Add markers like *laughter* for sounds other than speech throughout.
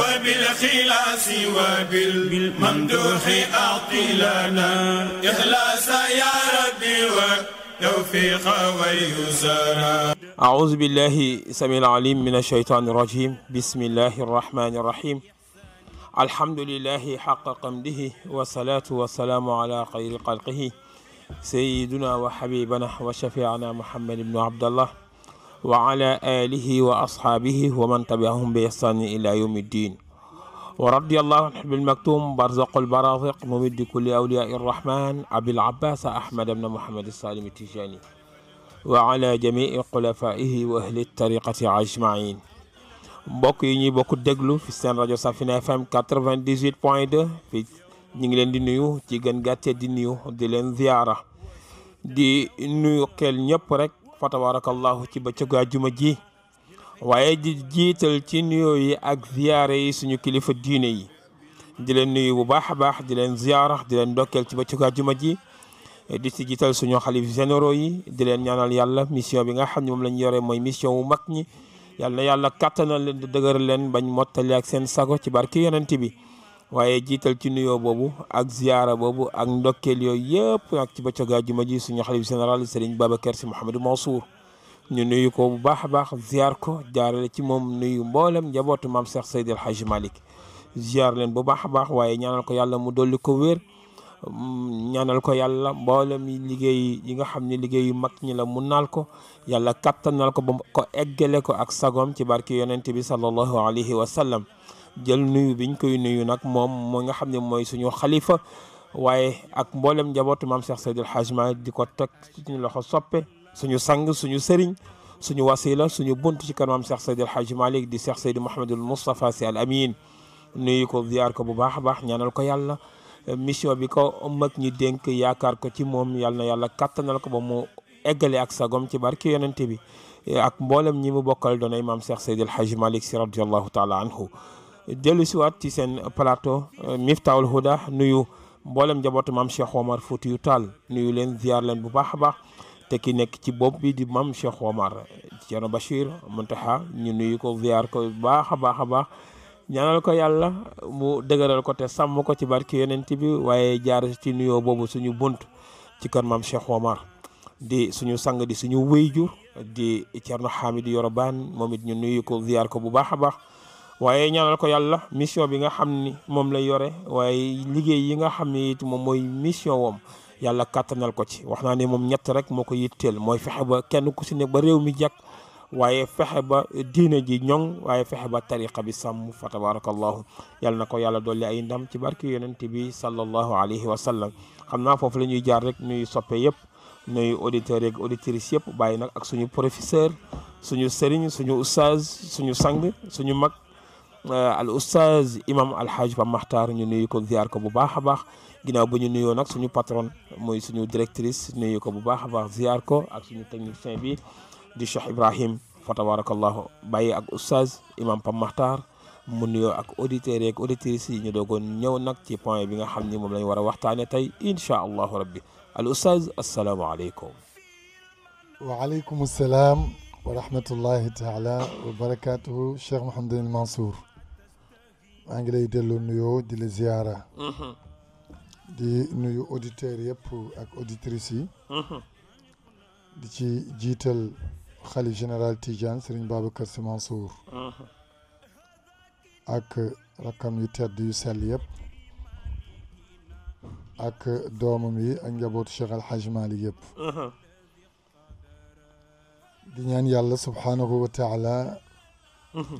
وبالخلاص وبالممدوح أعطي لنا إخلاص يا ربي وتوفيق ويسرا أعوذ بالله سميع العليم من الشيطان الرجيم بسم الله الرحمن الرحيم الحمد لله حق قمده والصلاة والسلام على خير خلقه سيدنا وحبيبنا وشفيعنا محمد بن عبد الله وعلى آله وأصحابه ومن تبعهم بإحسان إلى يوم الدين ورضي الله عن حب المكتوم برزق البرازق ممد كل أولياء الرحمن أبي العباس أحمد بن محمد السالم التجاني وعلى جميع خلفائه وأهل الطريقة أجمعين mbokk yi ñuy دغلو في fi راديو سافينا اف FM 98.2 في نيغي fi دي نيو تي di nuyu دي نيو دي di زياره دي نيو ziyaara di رك fa tabarakallahu ci bëccëgu àjjuma ji waaye di jiital ci nuyoo yi ak ziyaare yi suñu kilifa diine yi di leen nuyu bu baax a baax di leen ziyaara di leen ndokkeel ci bëccëgu àjjuma ji di si jiital suñu xalif généraux yi di leen ñaanal yàlla mission bi nga xam ne moom lañ yore mooy mission wu mag ñi yàlla na yàlla kàttanal leen di dëgëral leen bañ mottali ak seen sago ci barki yonent bi waye jital ci nuyo bobu ak ziyara bobu ak ndokel yoy yep ak ci gaaju ma ji suñu xalif général Serigne Babacar Sy mohammed Mansour ñu nuyu ko bu baax baax ziyaar ko jaarale ci mom nuyu mboolem njabootu mam Cheikh Seydi El Hadji malik ziyaar len bu baax baax waye ñaanal ko yàlla mu doli ko wér ñaanal ko yàlla yi liggéey yi nga xamni ne yu mak ñi la mu nal ko yàlla katanal ko ko eggele ko ak sagom ci barki yonent bi sallallahu alayhi wa sallam jël nuyu biñ koy nuyu nak mom mo nga xamne moy suñu khalifa waye ak mbollem njabootu mam Cheikh Seydil Hadj Malick diko tek ci ñu loxo soppe suñu sang suñu sëriñ suñu wasila suñu buntu ci kanam maam Cheikh Seydil Hadj malik di Cheikh mohammed al mustafa si Al Amin nuyu ko ziar ko bu baax baax ñaanal ko yàlla mission bi ko mak ñi dénk yaakar ko ci mom yàlla yàlla kattanal ko ba mo eggale ak sagom ci barki yonente bi ak mbollem ñi mu bokkal doonay mam Cheikh Seydil Hadj malik si radiyallahu taala anhu dellu siwaat ci seen plateau euh, Miftahoul Houda nuyu mboolem njabootu maam Cheikh Omar Foutiyou Tall nuyu leen ziar bu baax a baax te ki nekk ci bopp bi di maam Cheikh Omar Thierno Bachir Mountakha ñu nuyu ko ziar ko bu baax a baax a baax ñaanal ko yàlla mu dëgëral ko te sàmm ko ci barke yonent bi waaye jaar ci nuyoo boobu suñu bunt ci kër maam Cheikh Omar di suñu sang di suñu wéyjur di Thierno Hamidou Yoro Bane moom it ñu nuyu ko ziar ko bu baax a baax. waye ñaanal ko yàlla mission bi nga xamni mom lay yore waye liggéey yi nga xamni it mom moy mission wam yàlla kàttanal ko ci waxna ni mom ñett rek moko yittel moy fexe ba kenn ku ci ne ba réew mi jak waye fexe ba diine ji ñong waye fexe ba tariqa bi sam fa tabarakallah yàlla nako yàlla dolli ay ndam ci barki yonent bi sallallahu alayhi wa sallam xamna fofu lañuy jaar rek nuy soppe yëpp nuy auditeur yeeg auditrice yëpp bàyyi nag ak suñu professeur suñu serigne suñu oustaz suñu sang suñu mak al إمام imam alxaaj Pape Makhtar ñu nuyu ko ziar ko bu baax a baax ginnaaw ba ñu nuyoo nag suñu patron mooy suñu directrice nuyu ko bu baax a baax ziar ko ak suñu technicien bi di Cheikh Ibrahim fa tabarakallahu bàyyi imam mu nuyoo ak auditeurs yeeg auditrices yi ñu doogoon ñëw nag ci point bi nga xam ni moom lañ war a waxtaane tey incha allahu rabbi al oustaz wa waaleykum salaam wa rahmatullahi taala wa barakatuhu Cheikh Mouhamadul Mansour maa ngi lay delloo nuyoo di la ziara. di nuyu auditeurs yëpp ak auditrices yi. di ci jiital khali général Tidiane Serigne Babacar Sy Mansour. ak rakkam yu tedd yu sell yëpp. ak doomam yi ak njabootu Cheikh Al Hadj Malick yëpp. di ñaan yàlla subhanahu wa taala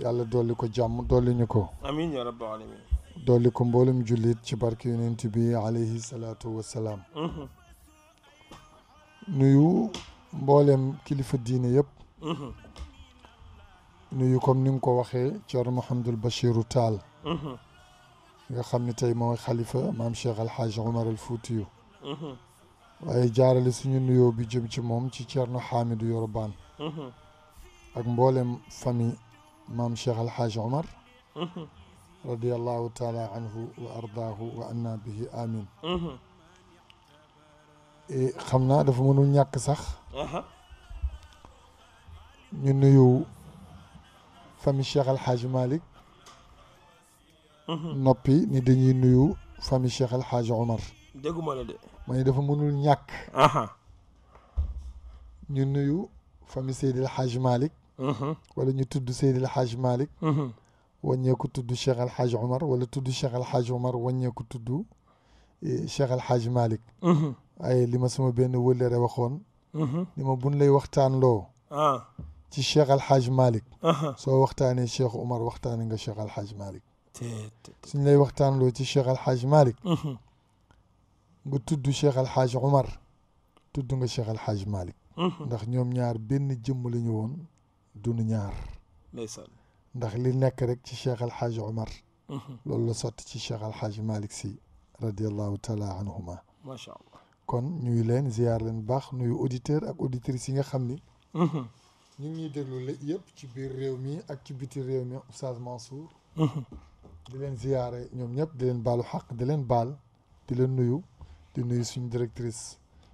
yàlla dolli ko jàmm dolli ñu ko amiin yaa rabbal alamin dolli ko mboolum jullit ci barke yonent bi alayhi salaatu wassalaam nuyu mboolem kilifa diine yëpp nuyu comme ni nga ko waxee Thierno Mouhamadul Bachiru Taal nga xam ne tey mooy xalifa maam Cheikh Alhaaj Omar al Fuutiyu waaye jaarale suñu nuyoo bi jëm ci moom ci Thierno Hamidou Yoroban ak mboolem famille امام الشيخ الحاج عمر أمم. رضي الله تعالى عنه وارضاه وانا به امين اي خمنا دافا منو نياك صح ني نيو فامي الشيخ الحاج مالك نوبي ني دني نيو فامي الشيخ الحاج عمر دغوما لا دي ماني دافا منو نياك اها ني نيو فامي سيد الحاج مالك wala ñu tudd Seydi El Hadj Malick wàññeeku tudd Cheikh El Hadj Omar wala tudd Cheikh El Hadj eh, ay li ma sama benn wëllëre waxoon li ma buñ lay waxtaan loo ah. ci Cheikh El Hadj soo waxtaanee Cheikh Omar waxtaane nga Cheikh El Hadj Malick lay waxtaan loo ci Cheikh El Hadj Malick nga tudd Cheikh El Hadj Omar ndax ñoom ñaar benn jëmm la woon dunu ñaar ndeysaan ndax li nekk rek ci cheikh alxaaji omar loolu la sotti ci cheikh alxaaji malik si radiallahu taala anhuma macha allah kon ñuy leen ziar leen baax nuyu auditeur ak auditrices yi nga xam ni ñu ngi déglu la yëpp ci biir réew mi ak ci biti réew mi oustaz Mansour di leen ziyaare ñoom ñëpp di leen baalu xaq di leen baal di leen nuyu di nuyu suñu directrice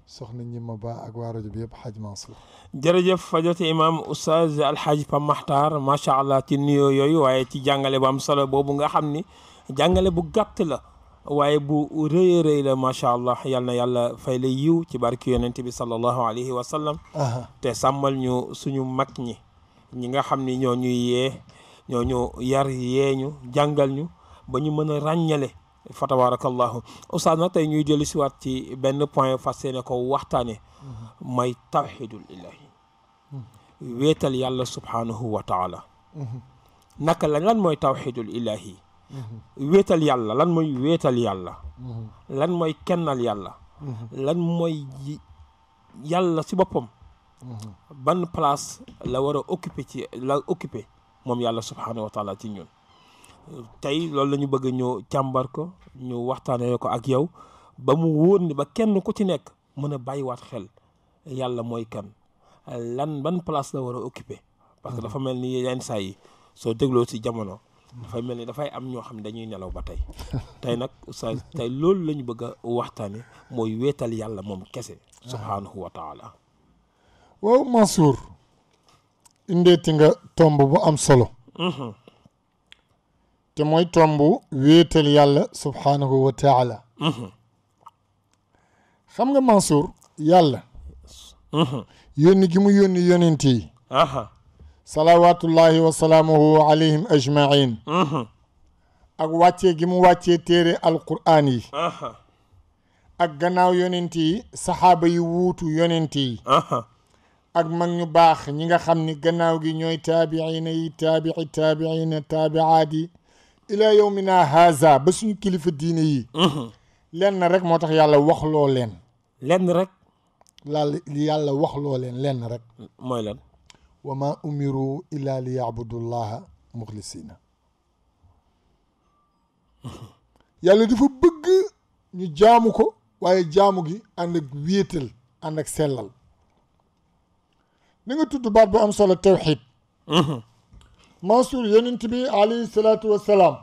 soxna Ñima Ba ak waa rajo bi yëpp xaj Mansour jërëjëf fajati imaam oustaz alxaaj Pam Maxtaar macha allah ci nuyoo yooyu waaye ci jàngale bu am solo boobu nga xam ni jàngale bu gàtt la waaye bu rëy a rëy la macha allah yal na yàlla fay la yiw ci barki yonent bi sallallahu alayhi wa sallam te sàmmal ñu suñu mag ñi ñi nga xam ni ñoo ñuy yee ñoo ñu yar yee ñu jàngal ñu ba ñu mën a ràññale fa tabarakallahu oustaz nag tey ñuy dellu siwaat ci benn point fas yéene ko waxtaane mooy tawxidul ilahi wéetal yàlla subhaanahu wa taala naka la lan mooy tawxidul ilahi wéetal yàlla lan mooy wéetal yàlla lan mooy kennal yàlla lan mooy yàlla si boppam ban place la war a occupé ci la occupé moom yàlla subhaanahu wa taala ci ñun tey loolu la ñu bëgg ñu càmbar ko ñu waxtaanee ko ak yow ba mu wóor ni ba kenn ku ci nekk mën a bàyyiwaat xel yàlla mooy kan lan ban place la war a occuper. parce que mhm. dafa mel ni yenn saa yi soo dégloo si jamono. dafay mel ni dafay am ñoo xam ne dañuy nelaw ba tey *laughs* tey nag sa tey loolu la ñu bëgg a waxtaane mooy weetal yàlla moom kese ah. subhaanahu wa taala waaw Mansour indeeti nga tomb bu am solo mhm. te moy tombu wéetal yàlla subhanahu wa taala xam nga Mansour yàlla yoni gi mu yoni yónent aha salawatullahi wa salamuhu alayhim ajmain ak wacce gi mu wacce tere alquran yi aha ak gannaaw yonent sahaba yi wutu yonent aha ak mag ñu baax ñi nga xamni gannaaw gi ñoy taabiina yi tabi'i taabiina tabi'adi الى يومنا هذا بسن كلف ديني لن رك موتخ يالا واخ لو لن لن رك لا يالا واخ لو لن لن رك موي لن وما امروا الا ليعبدوا الله مخلصين يا دفا بغ ني جاموكو واي جاموغي اندك ويتل أنك سلال نيغا تودو باب ام توحيد Mansour yonent bi alayhi salaatu wassalaam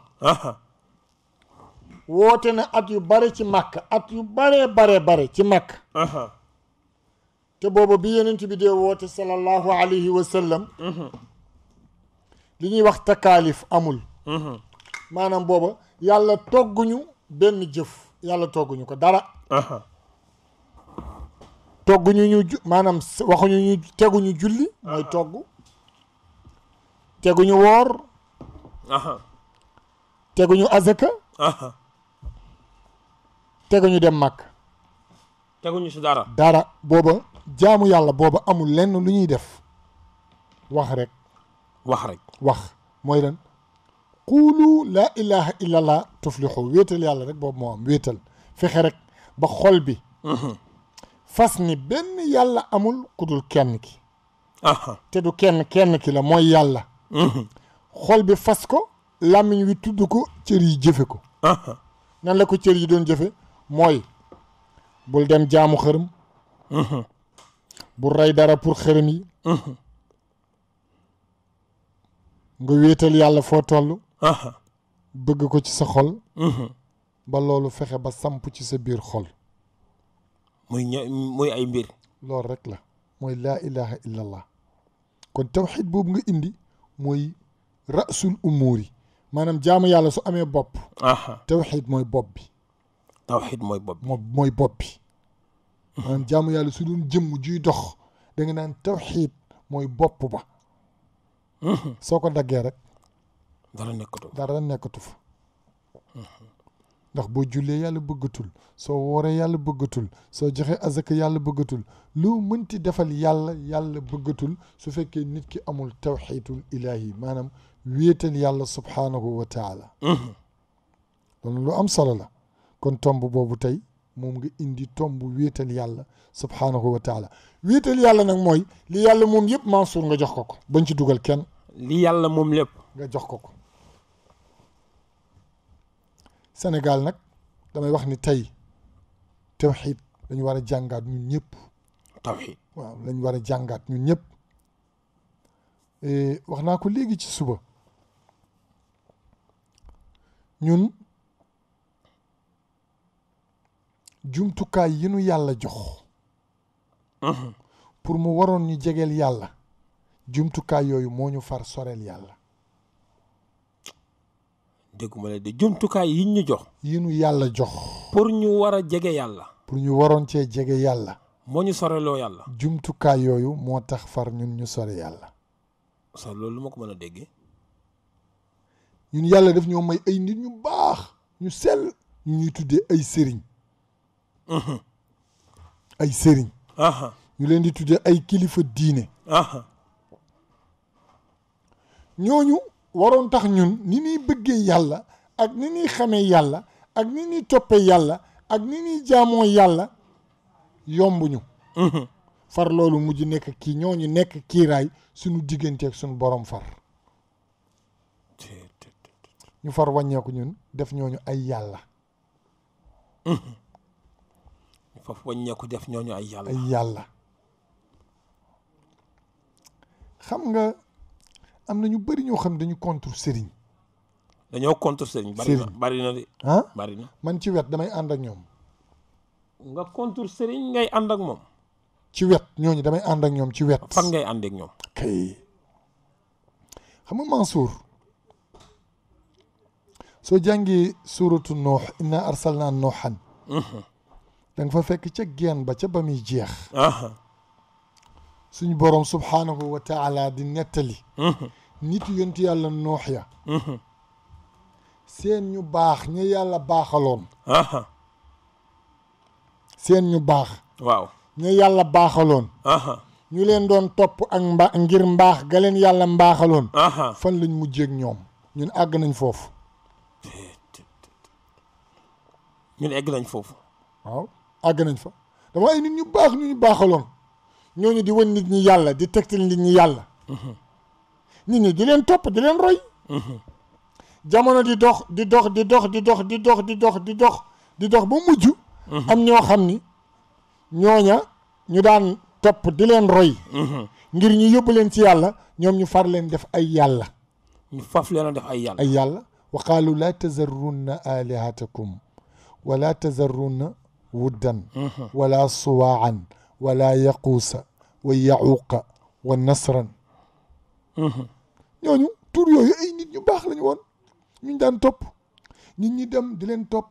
woote na at yu bare ci màkk at yu bare bare bare ci màkk te booba bi yonent bi dee woote sallallahu alayhi wa sallam mhm. li ñuy wax takaalif amul mhm. maanaam booba yàlla togguñu benn jëf yàlla togguñu ko dara togguñu ñu maanaam waxuñu ñu teguñu julli mooy togg teguñu woor teguñu azaka teguñu dem màkk teguñu si dara dara booba jaamu yàlla booba amul lenn lu ñuy def wax rek wax rek wax mooy lan quulu laa ilaha illa tuflixu wéetal yàlla rek boobu moo am wéetal fexe rek ba xol bi fas ni benn yàlla amul ku dul kenn ki te du kenn kenn ki la mooy yàlla xol bi fas ko làmmiñ wi tudd ko cër yi jëfe ko uh-huh. nan la ko cër yi doon jëfe mooy bul dem jaamu xërëm uh-huh. bul rey dara pour xërëm yi uh-huh. nga wéetal yàlla foo tollu bëgg ko ci sa xol ba loolu fexe ba samp ci sa biir xol muy ña muy ay mbir loolu rek la mooy laa ilaha illallah kon tawxid boobu nga indi mooy rasul umuur yi maanaam jaamu yàlla su amee bopp. tawxiid mooy bopp bi. tawxiid mooy bopp bi mooy maanaam jaamu yàlla su doon jëmm juy dox da nga naan tawxiid mooy bopp ba. Mhm. soo ko daggee rek. dara nekkatu fa dara nekkatu fa. Mhm. ndax boo jullee yàlla bëggatul soo wooree yàlla bëggatul soo joxe azaka yàlla bëggatul lu mënti defal yàlla yàlla bëggatul su fekkee nit ki amul tawxiidul ilahi maanaam wéetal yàlla subhanahu wa taala don lu am solo la kon tomb boobu tey moom nga indi tomb wéetal yàlla subhanahu wa taala wéetal yàlla nag mooy li yàlla moom yëpp Mansour nga jox ko ko bañ ci dugal kenn li yàlla moom lépp nga jox ko ko Sénégal nag damay wax ni tey tawxiid dañu war a jàngaat ñun ñëpp. waaw lañu war a jàngaat ñun ñëpp e, wax naa ko léegi ci suba ñun jumtukaay yi nu yàlla jox. pour mu waroon ñu jegeel yàlla jumtukaay yooyu moo ñu far soreel yàlla. dégguma la de jumtukaay yi ñu jox. yi ñu yàlla jox. pour ñu war a jege yàlla. pour ñu waroon cee jege yàlla. moo ñu soreloo yàlla. jumtukaay yooyu moo tax far ñun ñu sore yàlla. sa loolu lu ma ko mën a déggee. ñun yàlla def ñoo may ay nit ñu baax ñu sel ñu ñuy tuddee ay sëriñ. Uh-huh. ay sëriñ. Uh-huh. ñu leen di tuddee ay kilifa diine. Uh-huh. ñooñu. waroon tax ñun ni ñuy bëggee yàlla ak ni ñuy xamee yàlla ak ni ñuy toppee yàlla ak ni ñuy jaamoo yàlla yombuñu mhm. far loolu mujj nekk kii ñu nekk kiiraay suñu diggante ak suñu borom far ñu far wàññeeku ñun def ñooñu ay yàlla mhm. ñu far wàññeeku def ñooñu ay yàlla ay yàlla xam nga am na ñu bëri ñoo xam dañu contre serigne dañoo contre serigne bari na bari na de. ah bari na man ci wet damay and ak ñom nga contre serigne ngay and ak mom ci wet ñi damay and ak ñom ci wet. fan ngay and ak ñom kay xam Mansour so jangi suratu nuh inna arsalna nuhan mhm. da nga fa fekk ci geen ba ci bamuy muy jeex. suñu borom subhanahu wa taala di netali mhm. nit yonti yàlla noox ya uh-huh. seen ñu baax ña yàlla baaxaloon uh-huh. seen ñu baax waaw ñu yàlla baaxaloon uh-huh. ñu leen doon topp ak mba ngir mbaax ga leen yàlla mbaaxaloon fan lañ mujjeeg ñoom ñun àgg nañ foofu ñun egg nañ foofu waaw àgg nañ fa dama ay nit ñu baax ñu ñu baaxaloon ñooñu di won nit ñi yàlla di tegtal nit ñi yàlla nit ñi di leen topp di leen roy jamono di dox di dox di dox di dox di dox di dox di dox di dox ba mujj am ñoo xam ni ñooña ñu daan topp di leen roy ngir ñu yóbbu leen ci yàlla ñoom ñu far leen def ay yàlla ñu faf leen def ay yàlla ay yàlla wa qaalu laa tazarrunna alihatakum wala tazarrunna wuddan la suwaan wa la yaquusa wa yacuuqa wa nasran ñooñu tur yooyu ay nit ñu baax lañu woon ñu daan topp nit ñi dem di leen topp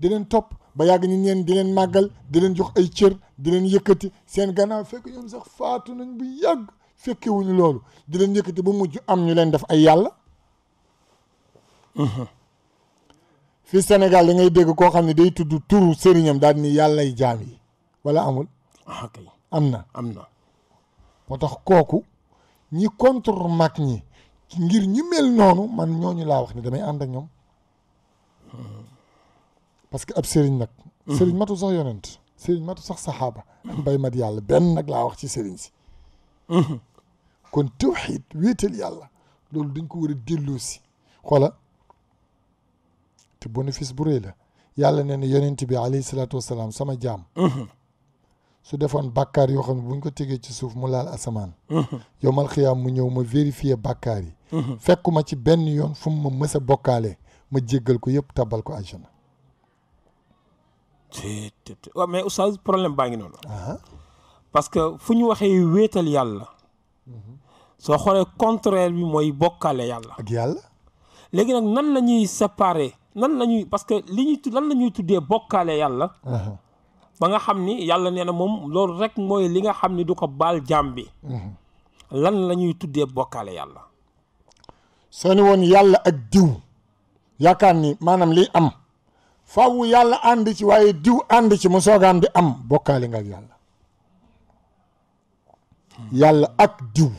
di leen topp ba yàgg ñu ñeen di leen màggal di leen jox ay cër di leen yëkkati seen gannaaw fekk ñoom sax faatu nañ bu yàgg fekkewuñu loolu di leen yëkkati ba mujj am ñu leen def ay yàlla fii senegal da ngay dégg koo xam ne day tudd turu sëriñam daal ni yàllay jaam yi wala amul ah, am na am na moo tax kooku ñi contre mag ñi ngir ñi mel noonu man ñu laa wax ne damay ànd ak ñoom parce que ab sëriñ nag mhm. sëriñ matu sax yonent sëriñ matu sax saxaaba bay mat yàlla benn nag laa wax ci sëriñ si mhm. kon tawxiid wéetal yàlla loolu dañ ko war a delloo si xoola te bénéfice bu la yàlla nee na yonent bi alayhi salaatu wasalaam sama jaam mhm. su defoon bàkkaar yoo xam ne bu ñu ko tegee ci suuf mu laal asamaan mhm. yowmal xiyaam mu ñëw ma vérifier bàkkaar yi mhm. fekkuma ci benn yoon fu mu ma mës bokkaale ma jéggal ko yëpp tabal ko àjjana waaw mais oustaz problème baa ngi noonu parce que fu ñu waxee wéetal yàlla mhm. soo xoolee contraire bi mooy bokkaale yàlla ak yàlla léegi nag nan la ñuy séparer nan lañuy ñuy parce que li lan la ñuy tuddee bokkaale yàlla ba nga xam ni yàlla nee na moom loolu rek mooy li nga xam ni du ko baal jaam bi mhm. lan la ñuy tuddee bokkaale yàlla soo woon yàlla ak diw yaakaar ni maanaam liy am faaw yàlla ànd ci waaye ànd ci mu soogaam di am bokkaale nga ak hmm. yàlla ak diw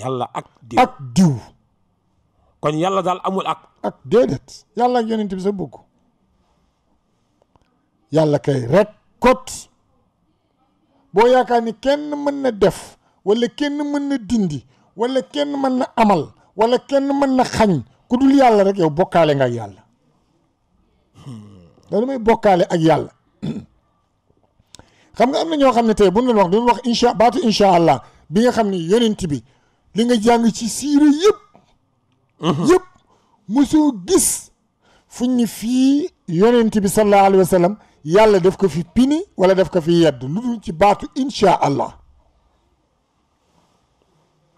yàlla ak diw ak kon yàlla daal amul ak ak déedéet yàlla ak yonent bi sa bëgg yàlla kay rek kot boo yaakaar ni kenn mën na def wala kenn mën na dindi wala kenn mën na amal wala kenn mën na xañ ku dul yàlla rek yow bokkaale nga ak yàlla da damay bokkaale ak yàlla xam nga am na ñoo xam ne tey bu ñu doon wax duñu wax incha baatu incha allah bi nga xam ni yonent bi li nga jàng ci siire yëpp yëpp mosoo gis fu ñu fii bi sallallahu alayhi wa يالا داف كو في بيني ولا داف كو في يد لودو سي باتو ان شاء الله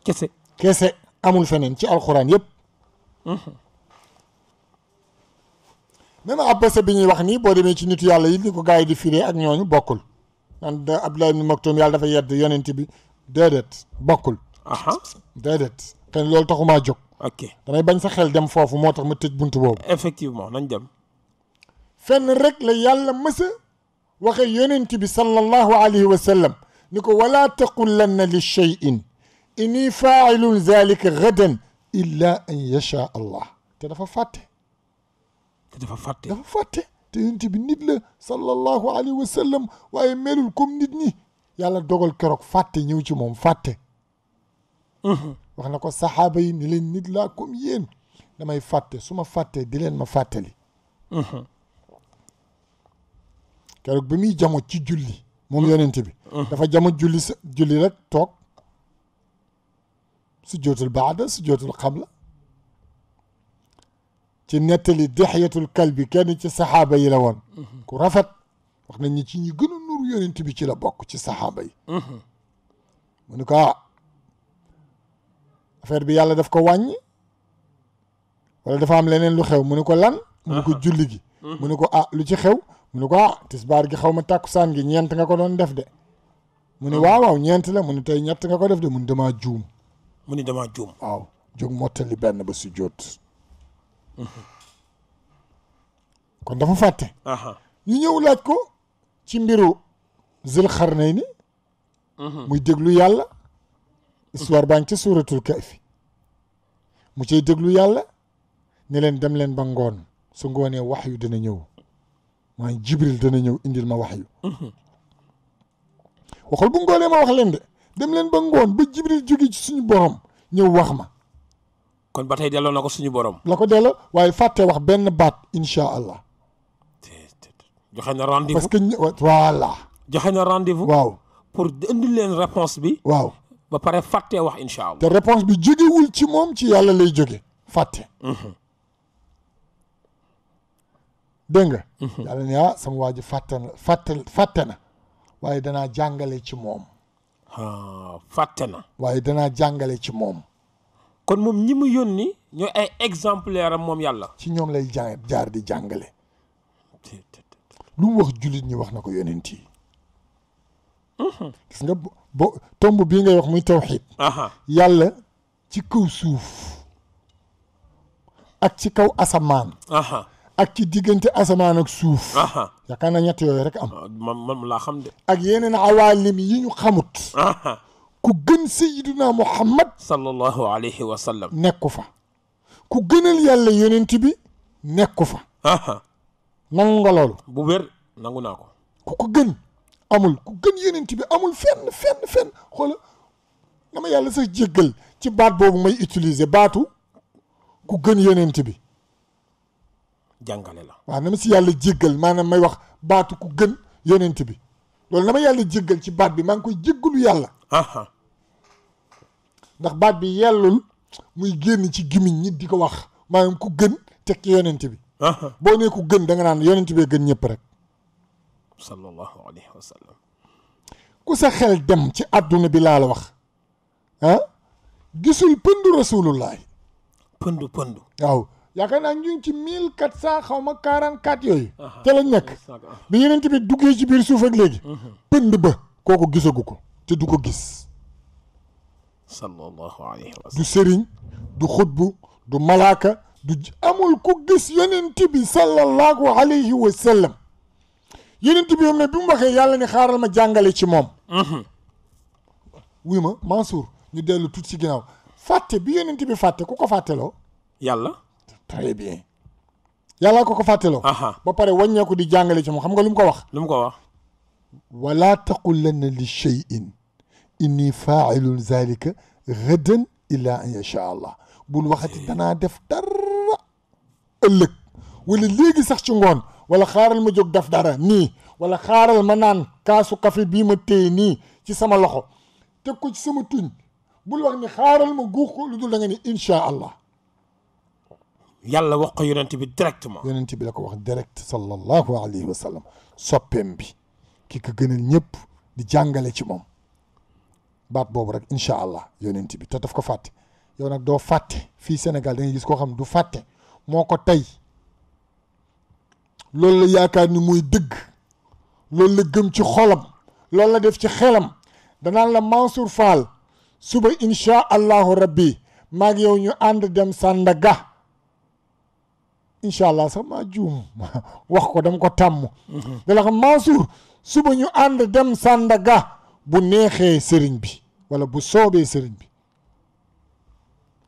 كسي كسي امول فنان سي القران ييب ميم ابسا بي ني واخ ني بو ديمي سي نيت يالا يي كو غاي دي فيري اك ньоني بوكول نان دا عبد الله بن مكتوم يالا دافا يد يوننتي بي ددت بوكول اها ددت كان لول تاخوما جوك اوكي داي باغ سا خيل دم فوفو موتاخ ما تيج بونتو بوب افكتيفمون نان دم fenn rek la yàlla mësa waxe yonent bi sallallahu alayhi wa sallam ni ko walaa taqullanna li cheyin inni faa'ilun zalika gadan illa an yasha allah te dafa fàtte dafa fàtte dafa fàtte te yonent bi nit la sallallahu alayhi wa sallam waaye melul comme nit ñi yàlla dogal keroog fàtte ñëw ci moom fàtte wax na ko saxaaba yi ni leen nit laa comme yéen damay fàtte su ma fàttee di leen ma fàttali كروك بمي جامو تي جولي موم يوننتي بي دا فا جامو جولي جولي رك توك سجوت البعد سجوت القبل تي نتلي دحيه الكلب كان تي صحابه يلون كو رافت واخنا ني تي ني غنو نور يوننتي بي تي لا بوك تي صحابه منو كا affaire bi yalla daf ko wañi wala dafa am leneen lu xew mu ne ko lan mu ne ko julli gi mu ne ko ah lu ci xew mu ne ko ah tisbaar gi xaw ma defde. gi ñeent nga ko doon def de mu ne waaw waaw ñeent la mu ne tey ñett nga ko def de mu ne damaa juum mu ne waaw ba kon dafa ñu laaj ko ci mbiru zil xarnay ini. Mhm. muy déglu yalla histoire baa ngi ca suuratul kahfi mu cay déglu yàlla ne leen dem ba su dina ñëw mooy jibril dana ñëw indil ma wax yu mhm. waxul bu ngoonee ma wax leen de dem leen ba ngoon ba jibril jóge suñu borom ñëw wax ma kon ba tey delloo na ko suñu borom la ko delloo waaye fàtte wax benn baat incha allah joxe na rendez joxe na rendez-vous waaw pour indil leen réponse bi waaw ba pare fàtte wax incha allah te réponse bi jógewul ci moom ci yàlla lay jóge fàtte mhm. dégg nga. Mhm. yàlla ne ah sama waa fàtte na fàtte fàtte na waaye danaa jàngale ci moom. fàtte na. waaye danaa jàngale ci moom. kon moom ñi mu yónni ñooy ay exemplaire am moom yàlla. ci ñoom lay jaar jaar di jàngale. lu wax jullit ñi wax na ko yonent yi. Mhm. gis nga bo tomb bii ngay wax muy tawxiid. yàlla ci kaw suuf. ak ci kaw asamaan. ak ci diggante asamaan ak suuf. yaakaar naa ñetti yooyu rek am. Ah, man laa xam de. ak yeneen awaalim yi ñu xamut. ku gën sayyiduna Muhammad. sallallahu alayhi wa sallam. nekku fa ku gënal yàlla yonent bi nekku fa. nangu nga loolu. bu nangu naa ko. ku ko gën amul ku gën yonent bi amul fenn fenn fenn xoola dama yàlla sax jéggal ci baat boobu may utiliser baatu ku gën yonent bi. jangale la wa na si yalla jéggal manam may wax batu ku gën yonent bi loolu na yalla yàlla ci bat bi mang koy koy yalla aha ndax bat bi yellul muy genn ci gimign ni di wax manam ku gën tek ci yonent bi bo ne ku gën da nga naan yonent bi gën ñep rek sallallahu alaihi wasallam. ku sa xel dem ci aduna bi la la wax ah gisul pundo Rasulullah. pëndu pëndu waaw yaakaar naa ñu ngi ci mille quatre cent xaw ma quarante quatre yooyu. te lañ nekk bi yeneen bi duggee ci biir suuf ak léegi. Mhm. pënd ba ko gisagu ko te du ko gis. sallallahu alayhi wa sallam du sëriñ du xutbu du malaaka du amul ku gis yeneen bi sallallahu alayhi wa sallam yeneen bi moom ne bi mu waxee yàlla ne xaaral ma jàngale ci moom. Mhm. wuy ma Mansour ñu dellu tuuti ci ginnaaw fàtte bi yeneen bi fàtte ku ko fàtteloo. yàlla. très bien yàlla ko ko fàttaloo ba pare wàññeeku di jàngale ci moom xam nga lu mu ko wax lu mu ko wax wala taqulanna li cheyin inni faailun zalika gadan illa an yasha allah bul waxati danaa def dara ëllëg wala léegi sax ci ngoon wala xaaral ma jóg def dara nii wala xaaral ma naan kaasu kafe bii ma téye nii ci sama loxo teg ko ci sama tuñ bul wax ni xaaral ma guux ko lu dul da nga ni incha allah yàlla wax ko yonent bi directement. yonent bi la ko wax direct sallallahu alayhi wa sallam soppeem bi ki ko gënal ñëpp di jàngale ci moom baat boobu rek incha allah yonent bi te daf ko fàtte yow nag doo fàtte fii Sénégal da gis koo xam du fàtte moo ko tey loolu la yaakaar ni muy dëgg loolu la gëm ci xolam loolu la def ci xelam danaan la Mansour Fall suba incha allahu rabbi maa ngi yow ñu ànd dem Sandaga. incha allah sax maa juum *laughs* wax ko dam ko tàmm. dala xam Mansour suba ñu ànd dem Sandaga bu neexee sëriñ bi wala bu soobee sëriñ bi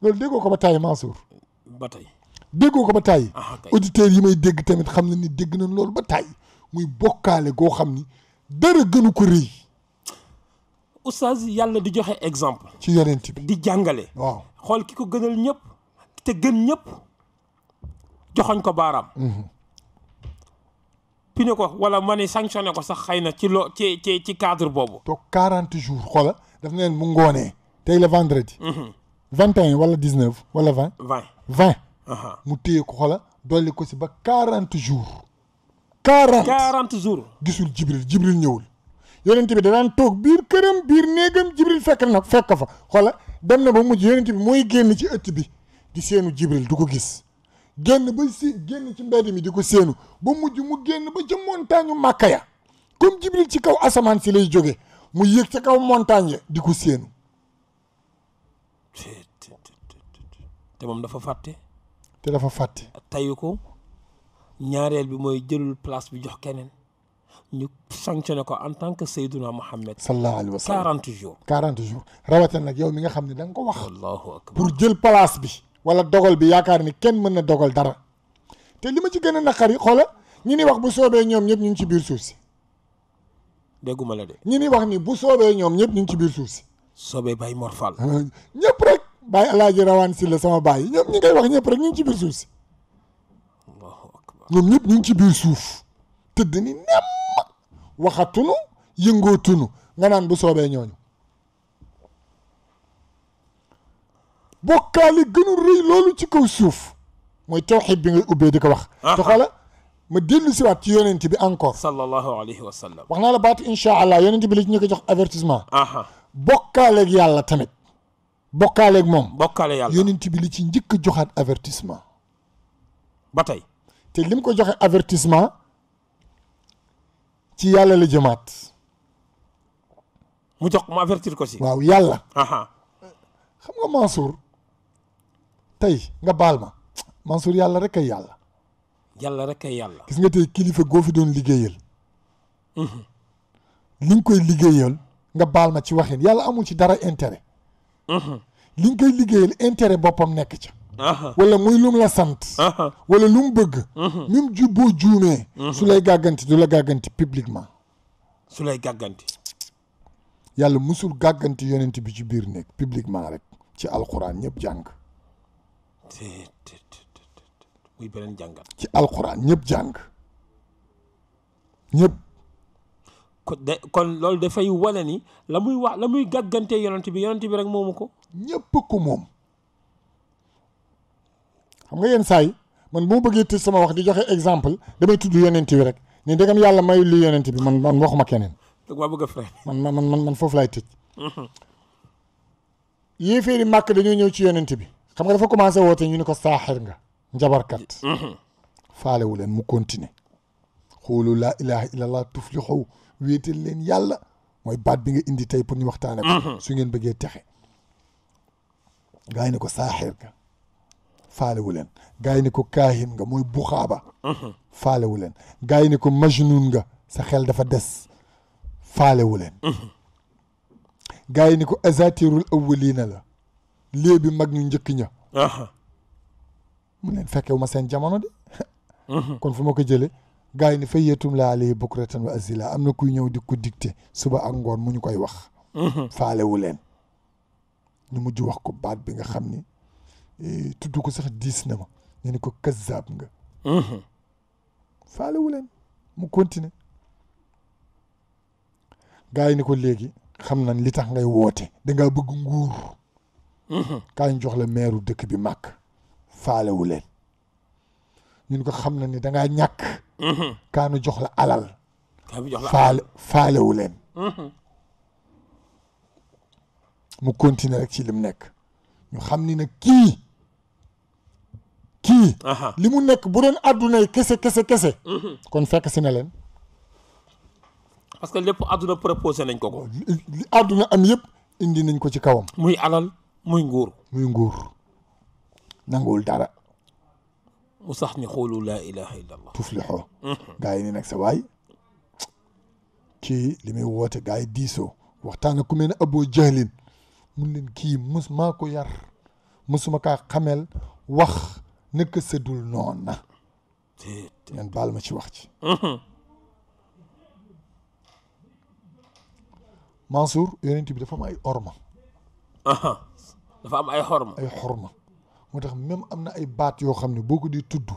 loolu déggoo ko ba tàyyi Mansour. ba tey déggoo ko ba tàyyi. Ah, auditeurs yi may dégg tamit xam na ni dégg nañ loolu ba tàyyi muy bokkaale goo xam ni dara gënu ko rëy. oustaz yàlla di joxe exemple. ci yonent di jàngale. waaw xool ki ko gënal ñëpp te gën ñëpp. joxoñ ko baaraam. Mhm. pu ko wala man ne sanctionné ko sax xëy na ci loo ci ci ci cadre boobu. toog quarante jour xoola daf ne leen bu ngoonee tey la vendredi. Mhm. vingt et un wala dix neuf wala vingt. vingt vingt. mu téye ko xoola dolli ko si ba quarante jours. quarante quarante jours. gisul jibril jibril ñëwul. yonent bi danaan toog biir këram biir néegam jibril fekk na fekk fa xoola dem na ba mujj yonent bi mooy génn ci ëtt bi di seenu jibril du ko gis. génn ba si génn ci mbedd mi di ko séenu ba mujj mu génn ba ca montagne u màkka ya comme jibril ci kaw asamaan si lay jóge mu yéeg ca kaw montagne di ko séenu te moom dafa fàtte te dafa fàtte tayu ko ñaareel bi mooy jëlul place bi jox keneen ñu sanctionné ko en tant que Seydina Mohamed. sa alayhi wa sallam 40 jours. 40 jours rawatina nag yow mi nga xam ne da ko wax. pour jël place bi. wala dogal bi yaakar ni kenn mën na dogal dara te lima ci gëna a naqari xoola ñi ni wax bu soobé ñom ñëpp ñu ci biir suuf ci dégguma la dé ñi ni wax ni bu soobé ñom ñëpp ñu ci biir suuf ci soobé bay morfal ah, ñëpp rek bay alaaji rawan si la sama bay. ñom ñi ngay wax ñëpp rek ñu ci biir suuf ci ñom ñëpp ñu ci biir suuf tëdd dañi nem waxatunu yëngotunu nga naan bu soobé ñoñu bokkaale gënu rëy loolu ci kaw suuf mooy tawxid bi ngay ubbee di ko wax ah. te ma dellu siwaat ci yonent bi encore sallallahu alayhi wa sallam wax naa la baat incha allah yonent bi li ci ñu ko jox avertissement bokkaaleeg yàlla tamit bokkaaleeg moom bokkaale yàlla yonent bi li ci njëkk a joxaat avertissement ba tey te lim ko joxe avertissement ci yàlla la jëmaat mu jox mu avertir ko si waaw yàlla xam nga Mansour tey nga baal ma Mansour yàlla rek ay yàlla. yàlla rek ay yàlla. gis nga tey kilifa goo fi doon liggéeyal. Mhm. li nga koy liggéeyal nga baal ma ci waxin yàlla amul ci dara intérêt. Mhm. li nga koy liggéeyal intérêt boppam nekk ca. wala muy lum la sant. wala lu mu bëgg. Mhm. même ju boo juumee. su lay gàgganti du la gàgganti publiquement. su lay gàgganti. yàlla musul gàgganti yonent bi ci biir nekk publiquement rek ci alxuraan ñëpp jàng. muy beneen jàngat. ci alxuraan ñëpp jàng ñëpp. kon loolu dafay wane ni la muy wax la muy gàggante yonent bi yonent bi rek moomu ko. ñëpp ko moom xam nga yenn saa yi man bu ma bëggee tëj sama wax di joxe exemple damay tudd yonent bi rek ne ndegam yàlla mayu li yonent bi man man waxuma keneen. dëgg maa bëgg man man man foofu laay tëj. Mhm. yéeféeri màkk dañuy ñëw ci yonent bi. xam nga dafa commencé wote ñu ni ko saaxir nga njabarkat faalewu leen mu continue xoolu la ilaha illallah tuflixu wéetal leen yàlla mooy baat bi nga indi tey pour ñu waxtaane ko su ngeen bëggee texe gaay yi ne ko saaxir nga faalewu leen gaay yi ne ko kaahin nga mooy buxaaba faalewu leen gaay yi ko majnun nga sa xel dafa des faalewu leen gaay yi ko azatirul awwalina la lee bi mag ñu njëkk ña mu leen fekkewu ma seen jamono de mhm. kon fu ma ko jële gars yi ni fay yeetum laa alayhi bukratan wa asila am na kuy ñëw di ko dicté suba ak ngoon mu ñu koy wax mhm. faalewu leen ñu mujj wax ko baat bi nga xam ni e, tuddu ko sax diis na ma ñu ni ko kazaab nga mhm. faalewu leen mu continuer gars yi ni ko léegi xam na li tax ngay woote dangaa bëgg nguur kañ jox la meeru dëkk bi màkk faalewu leen ñun ko xam na ni da ngaa ñàkk kaanu jox la alal faale faalewu leen mu continuer rek ci lim nekk ñu xam ni nag kii kii li mu nekk bu doon àdduna yi kese kese kese kon fekk si na leen parce que lépp àdduna proposé nañ ko ko li àdduna am yëpp indi nañ ko ci kawam muy alal muy nguur muy nguur nanguwul dara mu sax ni xoolu laa ilaha illa allah tuflixoo gaa yi ni nag sa waay kii li muy woote gaa yi diisoo waxtaan ku mel ne aboo jahlin mun leen kii mës maa ko yar mësuma kaa xamel wax nekk sëdul noon na ngeen baal ma ci wax ci Mansour yonent bi dafa am ay orma dafa am ay xorma ay xorma moo tax même am ay baat yoo xam ne di tudd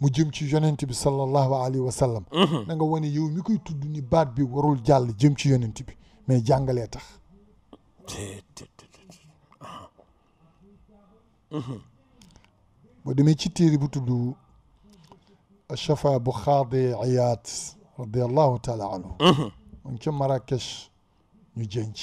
mu jëm ci yonent bi sallallahu alayhi wa sallam na nga woni yow mi koy tudd ni baat bi warul jàll jëm ci yonent bi mais jangale tax bo demé ci téré bu tudd achafa bu xaadi iyaat radiallahu taala anhu mu ngi ca Marrakech ñu jënc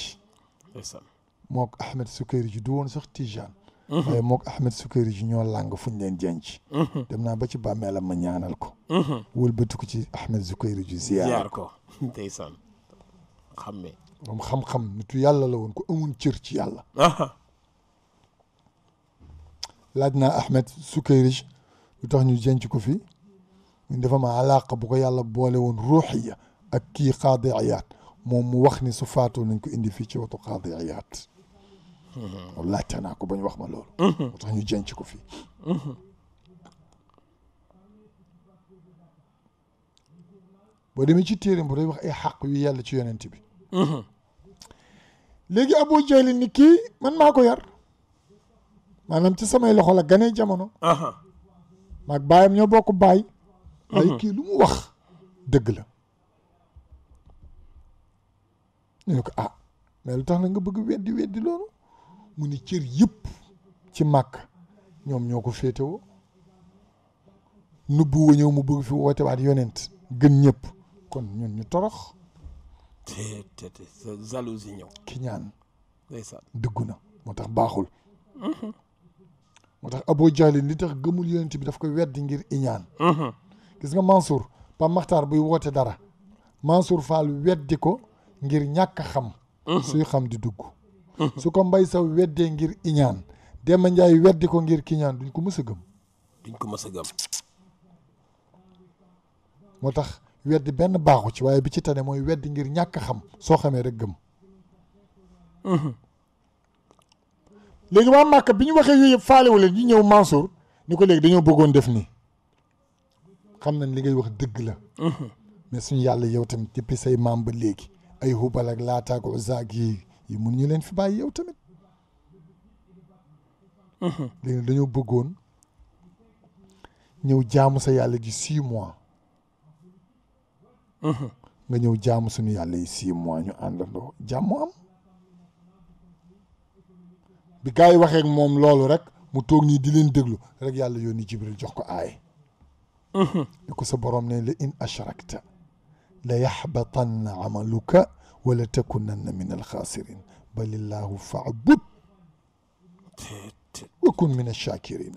mook Ahmed Sukayri ji du woon sax Tijaan mhm. waaye mook Ahmed Sukayri ñoo làng fuñ leen jenc mhm. dem naa ba ci bàmmeelam ma ñaanal ko mhm. wëlbati ko ci Ahmed Sukayri ji ziyaar ko ndeysaan xam ne moom xam-xam nitu yàlla la woon ko amun cër ci yàlla laaj naa Ahmed Sukayri lu tax ñu jenc ko fi ñun dafa ma alaqa bu ko yàlla boole woon ak kii Qaadi Iyaad moom mu wax ni su faatoo nañ ko indi fii ci watu Qaadi Iyaad loolu laajte naa ko ba ñu wax ma loolu. Mhm. moo tax ñu jënc ko fii. Mhm. boo demee ci téere bu day wax ay xàq yu yàlla ci yonent bi. Mhm. léegi Abu Jahl ni kii man maa ko yar maanaam ci samay loxo la ganee jamono. maag baayam ñoo boo ko baay. ay kii lu mu wax dëgg la. ñu ne ko ah mais lu tax na nga bëgg weddi weddi loolu. mu ni cër yëpp ci màkk ñoom ñoo ko féetewoo nubbu wa ñëw mu bëgg fi woote waat yonent gën ñëpp kon ñun ñu torox te te jalousie ñëw ki ñaan ndeysaan na moo tax baaxul mhm. moo tax Abu Jahlin li tax gëmul yonent bi daf ko weddi ngir iñaan mhm. gis nga Mansour Pa Maxtaar buy woote dara Mansour Fall weddi ko ngir ñàkk xam mhm. suy xam di dugg su ko mbay saw weddee ngir iñaan Demba Njaay weddi ko ngir kiñaan duñ ko mës gëm ko mës moo tax weddi benn baaxu ci waaye bi ci tane mooy weddi ngir ñàkk xam soo xamee rek gëm mhm. léegi waa Màkka bi ñu waxee yooyu yëpp faalewu leen ñu ñëw Mansour ni ko léegi dañoo bëggoon def nii xam nañ li ngay wax dëgg la mhm. mais suñu yàlla yow tamit depuis say maam ba léegi ay hubal ak laataak uzaak yi yi mun ñu leen fi bàyyi yow tamit léegi dañoo bëggoon ñëw jaamu sa yàlla ji six mois nga ñëw jaamu suñu yàlla yi six mois ñu àndandoo jàmm am bi gars yi waxee ak moom loolu rek mu toog nii di leen déglu rek yàlla yónni jibril jox ko aay ni ko sa borom ne la in ashrakta la yaxbatanna amaluka ولتكنن من الخاسرين بل الله فاعبد وكن من الشاكرين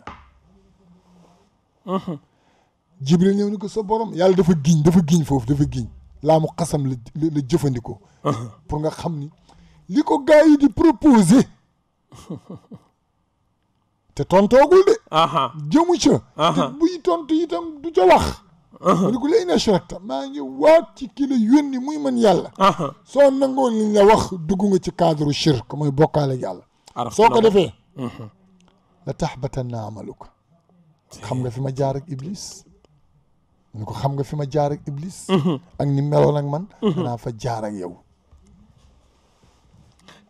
جبريل نيو نيكو سبورم يال دافا غين دافا غين فوف دافا غين لا مقسم لجفانديكو بور nga خامني ليكو غاي دي بروبوزي *laughs* تي تونتو غول دي اها جيمو تشا بوي تونتو يتام دو جا واخ Uh-huh. mu ni ko lay na ashrakta maa ngi waat ci ki la muy man yàlla uh-huh. soo nangoo liñ la wax dugg nga ci cadre shirk mooy bokkaale yàlla soo ko defee uh-huh. la tahbatanna amaluka xam nga fi ma jaar ak iblis xam nga fi ma jaar ak iblis ak ni meloon ak man naa fa jaar ak yow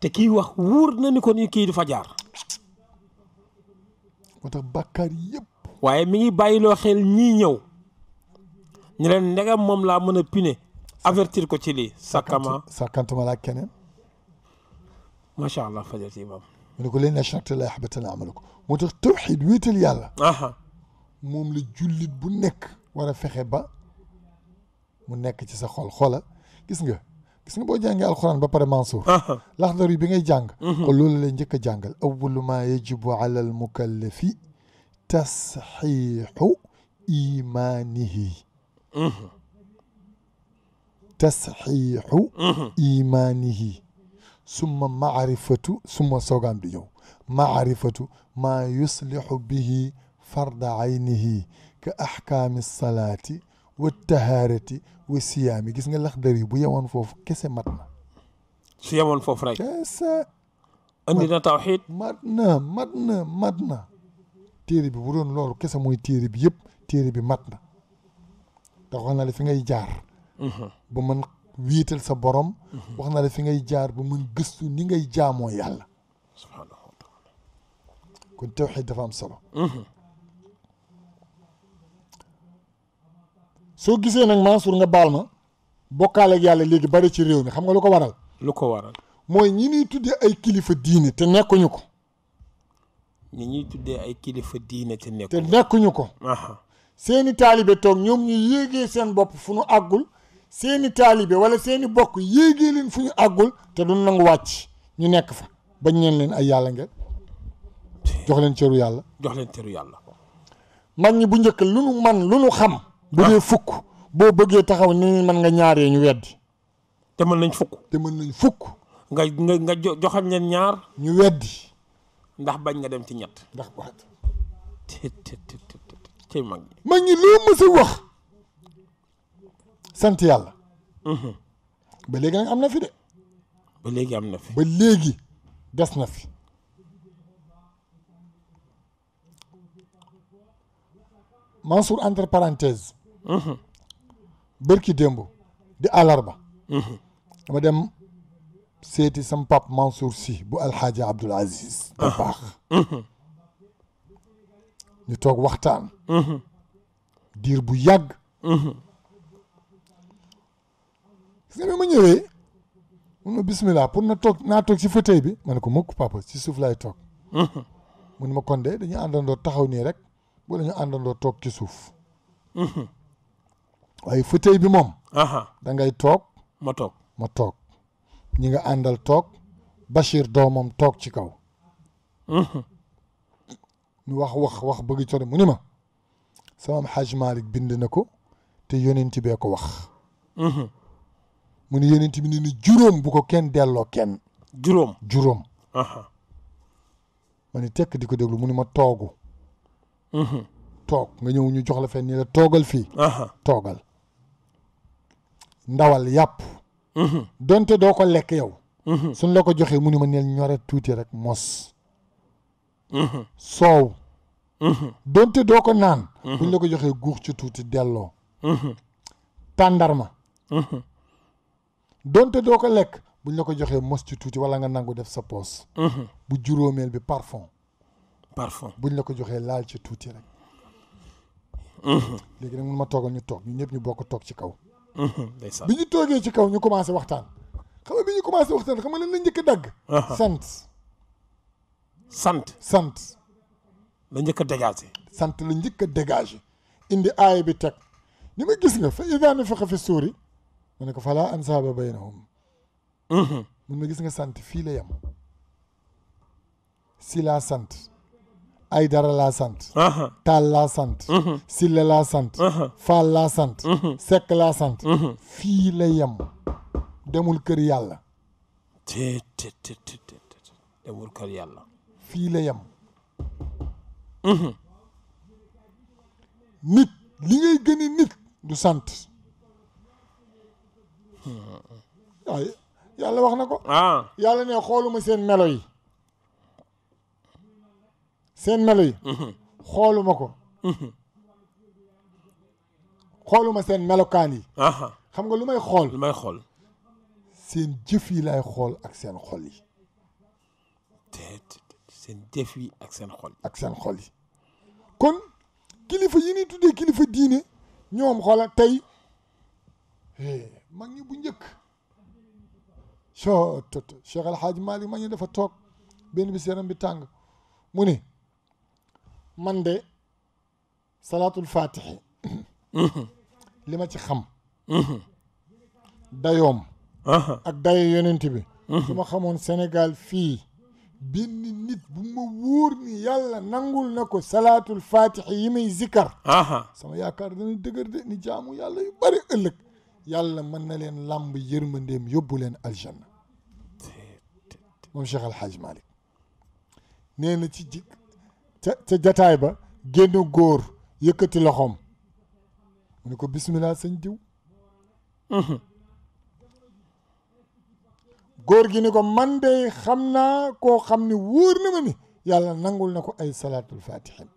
te kii wax wóor na ni ko ni kii du fa jaar moo tax bàkkaar yëpp waaye mi ngi bàyyiloo xel ñii ñëw ñu leen ndegam moom laa mën a pine avertir ko ci lii sakkama sakkantuma laa keneen macha allah fajar ci imam mu ne ko leen ashrakta la yaxbata na amaluko moo tax tawxid wéetal yàlla moom la jullit bu nekk war a fexe ba mu nekk ci sa xol xoola gis nga gis nga boo jàngee alxuraan ba pare Mansour laxdar yi bi ngay jàng ko loolu la njëkk a jàngal awalu maa yajibu ala almukallafi tasxiixu imaanihi تسحيح إيمانه ثم معرفة ثم سوغان بيو معرفة ما يصلح به فرض عينه كأحكام الصلاة والتهارة والصيام جيس نقول لك دري بويا وان فوف كيس مرنا صيام وان فوف رايك كيس عندنا توحيد مرنا مرنا مرنا تيري بورون لور كيس موي تيري بيب تيري بمرنا بي ndax wax naa la fi ngay jaar mhm. ba mën wiital sa borom mhm. wax na la fi ngay jaar ba mën gëstu ni ngay jaamoo yàlla subhaanahu wa taala dafa am solo mhm. soo gisee nag Mansour nga baal ma bokkaale yàlla léegi bari ci réew mi xam nga lu ko waral lu ko mooy ñi ñuy tuddee ay kilifa diine te nekkuñu ko ñi ñuy tuddee ay kilifa diine te nekkuñu ko seeni taalibe toog ñoom ñu yéegee seen bopp fu ñu àggul seeni taalibe wala seeni bokk yéegee leen fu ñu àggul te duñ nangu wàcc ñu nekk fa bañ neen leen ay yàlla ngeen jox leen cëru yàlla jox leen cëru yàlla mag ñi bu njëkk lu nu man lu nu xam bu ah. dee fukk boo bëggee taxaw ni man nga ñaaree ñu weddi te mën nañ fukk te mën nañ fukk nga nga nga joxam leen ñaar ñu weddi ndax bañ nga dem ci ñett ndax ci mag ñi mag sant yàlla mhm. ba léegi nag am na fi de ba am na fi ba léegi des na fi Mansour entre parenthèse mhm. bërki démb di àllarba mhm. dama dem seeti sam pap Mansour si bu alxaaji Abdul Aziz ah. ñu toog waxtaan mm-hmm. diir bu yàgg mm-hmm. gis nga ma ñëwee mun ma bismillah pour na toog naa toog ci fauteuil bi ma ne ko mukk papa ci suuf laay toog mm-hmm. mun ma kon de dañu àndandoo taxaw nii rek wala ñu àndandoo toog ci suuf waaye fauteuil bi moom da ngay toog ma toog ma toog ñi nga àndal toog Bachir doomam toog ci kaw ñu wax wax wax bëgg coro mu ni ma sama xaaj Malick bind na ko te yonent bee ko wax mhm. mu ni yonent bi ne ni juróom bu ko kenn delloo kenn juróom juróom ma ni tekk di ko déglu mu ni ma toogu mhm. toog nga ñëw ñu jox la fenn ni la toogal fii toogal ndawal yàpp mhm. donte doo ko lekk yow suñ la ko joxee mu ni ma neel ñore tuuti rek mos soow mm-hmm. donte doo ko naan buñ la ko joxee guux ci tuuti delloo mm-hmm. tàndarma mm-hmm. donte doo ko lekk buñ la ko joxee mos ci tuuti wala nga nangu def sa poos bu juróomeel bi parfum bu ñu la ko joxee laal ci tuuti rek léegi nag mun ma toogal ñu toog ñu ñëpp ñu bokk toog ci kaw bi ñu toogee ci kaw ñu commencé waxtaan xam nga bi la njëkk a dagg uh-huh. sant sant sant la njëkk a sant lu njëkk a dégagé indi aaya bi teg ni ma gis nga fa idaa nufixa fi suuri ma ne ko falaa ansaaba baynahum mhm. mun ma gis nga sant fii la yem si laa sant ay dara laa sant taal laa sant mhm. silla laa sant faal laa sant mhm. sekk laa sant fii la yem demul kër yàlla te te te demul kër yàlla fii la yem mm-hmm. nit li ngay gëne nit du sant waaye hmm. yàlla wax na ko ah. yàlla ne xooluma seen melo yi seen melo yi mm-hmm. xooluma ko mm-hmm. xooluma seen melokaan yi xam nga lu may xool may xool seen jëf yi laay xool ak seen xool yi seen jëf yi ak seen xol ak seen xol yi kon kilifa yi ñuy tuddee kilifa diine ñoom xoola tey mag ñi bu njëkk soo tot Cheikh El Hadj Malick mag ñi dafa toog benn bis yaram bi tàng mu ne man de salatul faatixi li ma ci xam dayoom ak daye yonent bi su ma xamoon Sénégal fii benn nit bu ma wóor ni nangul na ko salaatul fatix yi may zikkar sama yaakaar dana dëgër de ni jaamu yàlla yu bari ëllëg yàlla mën na leen làmb yërmandeem yóbbu leen aljanna moom Cheikh Al Hadj Malick nee na ci ji ca ca jataay ba génn góor yëkkati loxoom mu ne ko bismillah sëñ diw mhm. góor gi ni ko man de xamna ko xamni xam ni ma ni yàlla nangul nako ay salatul fatihin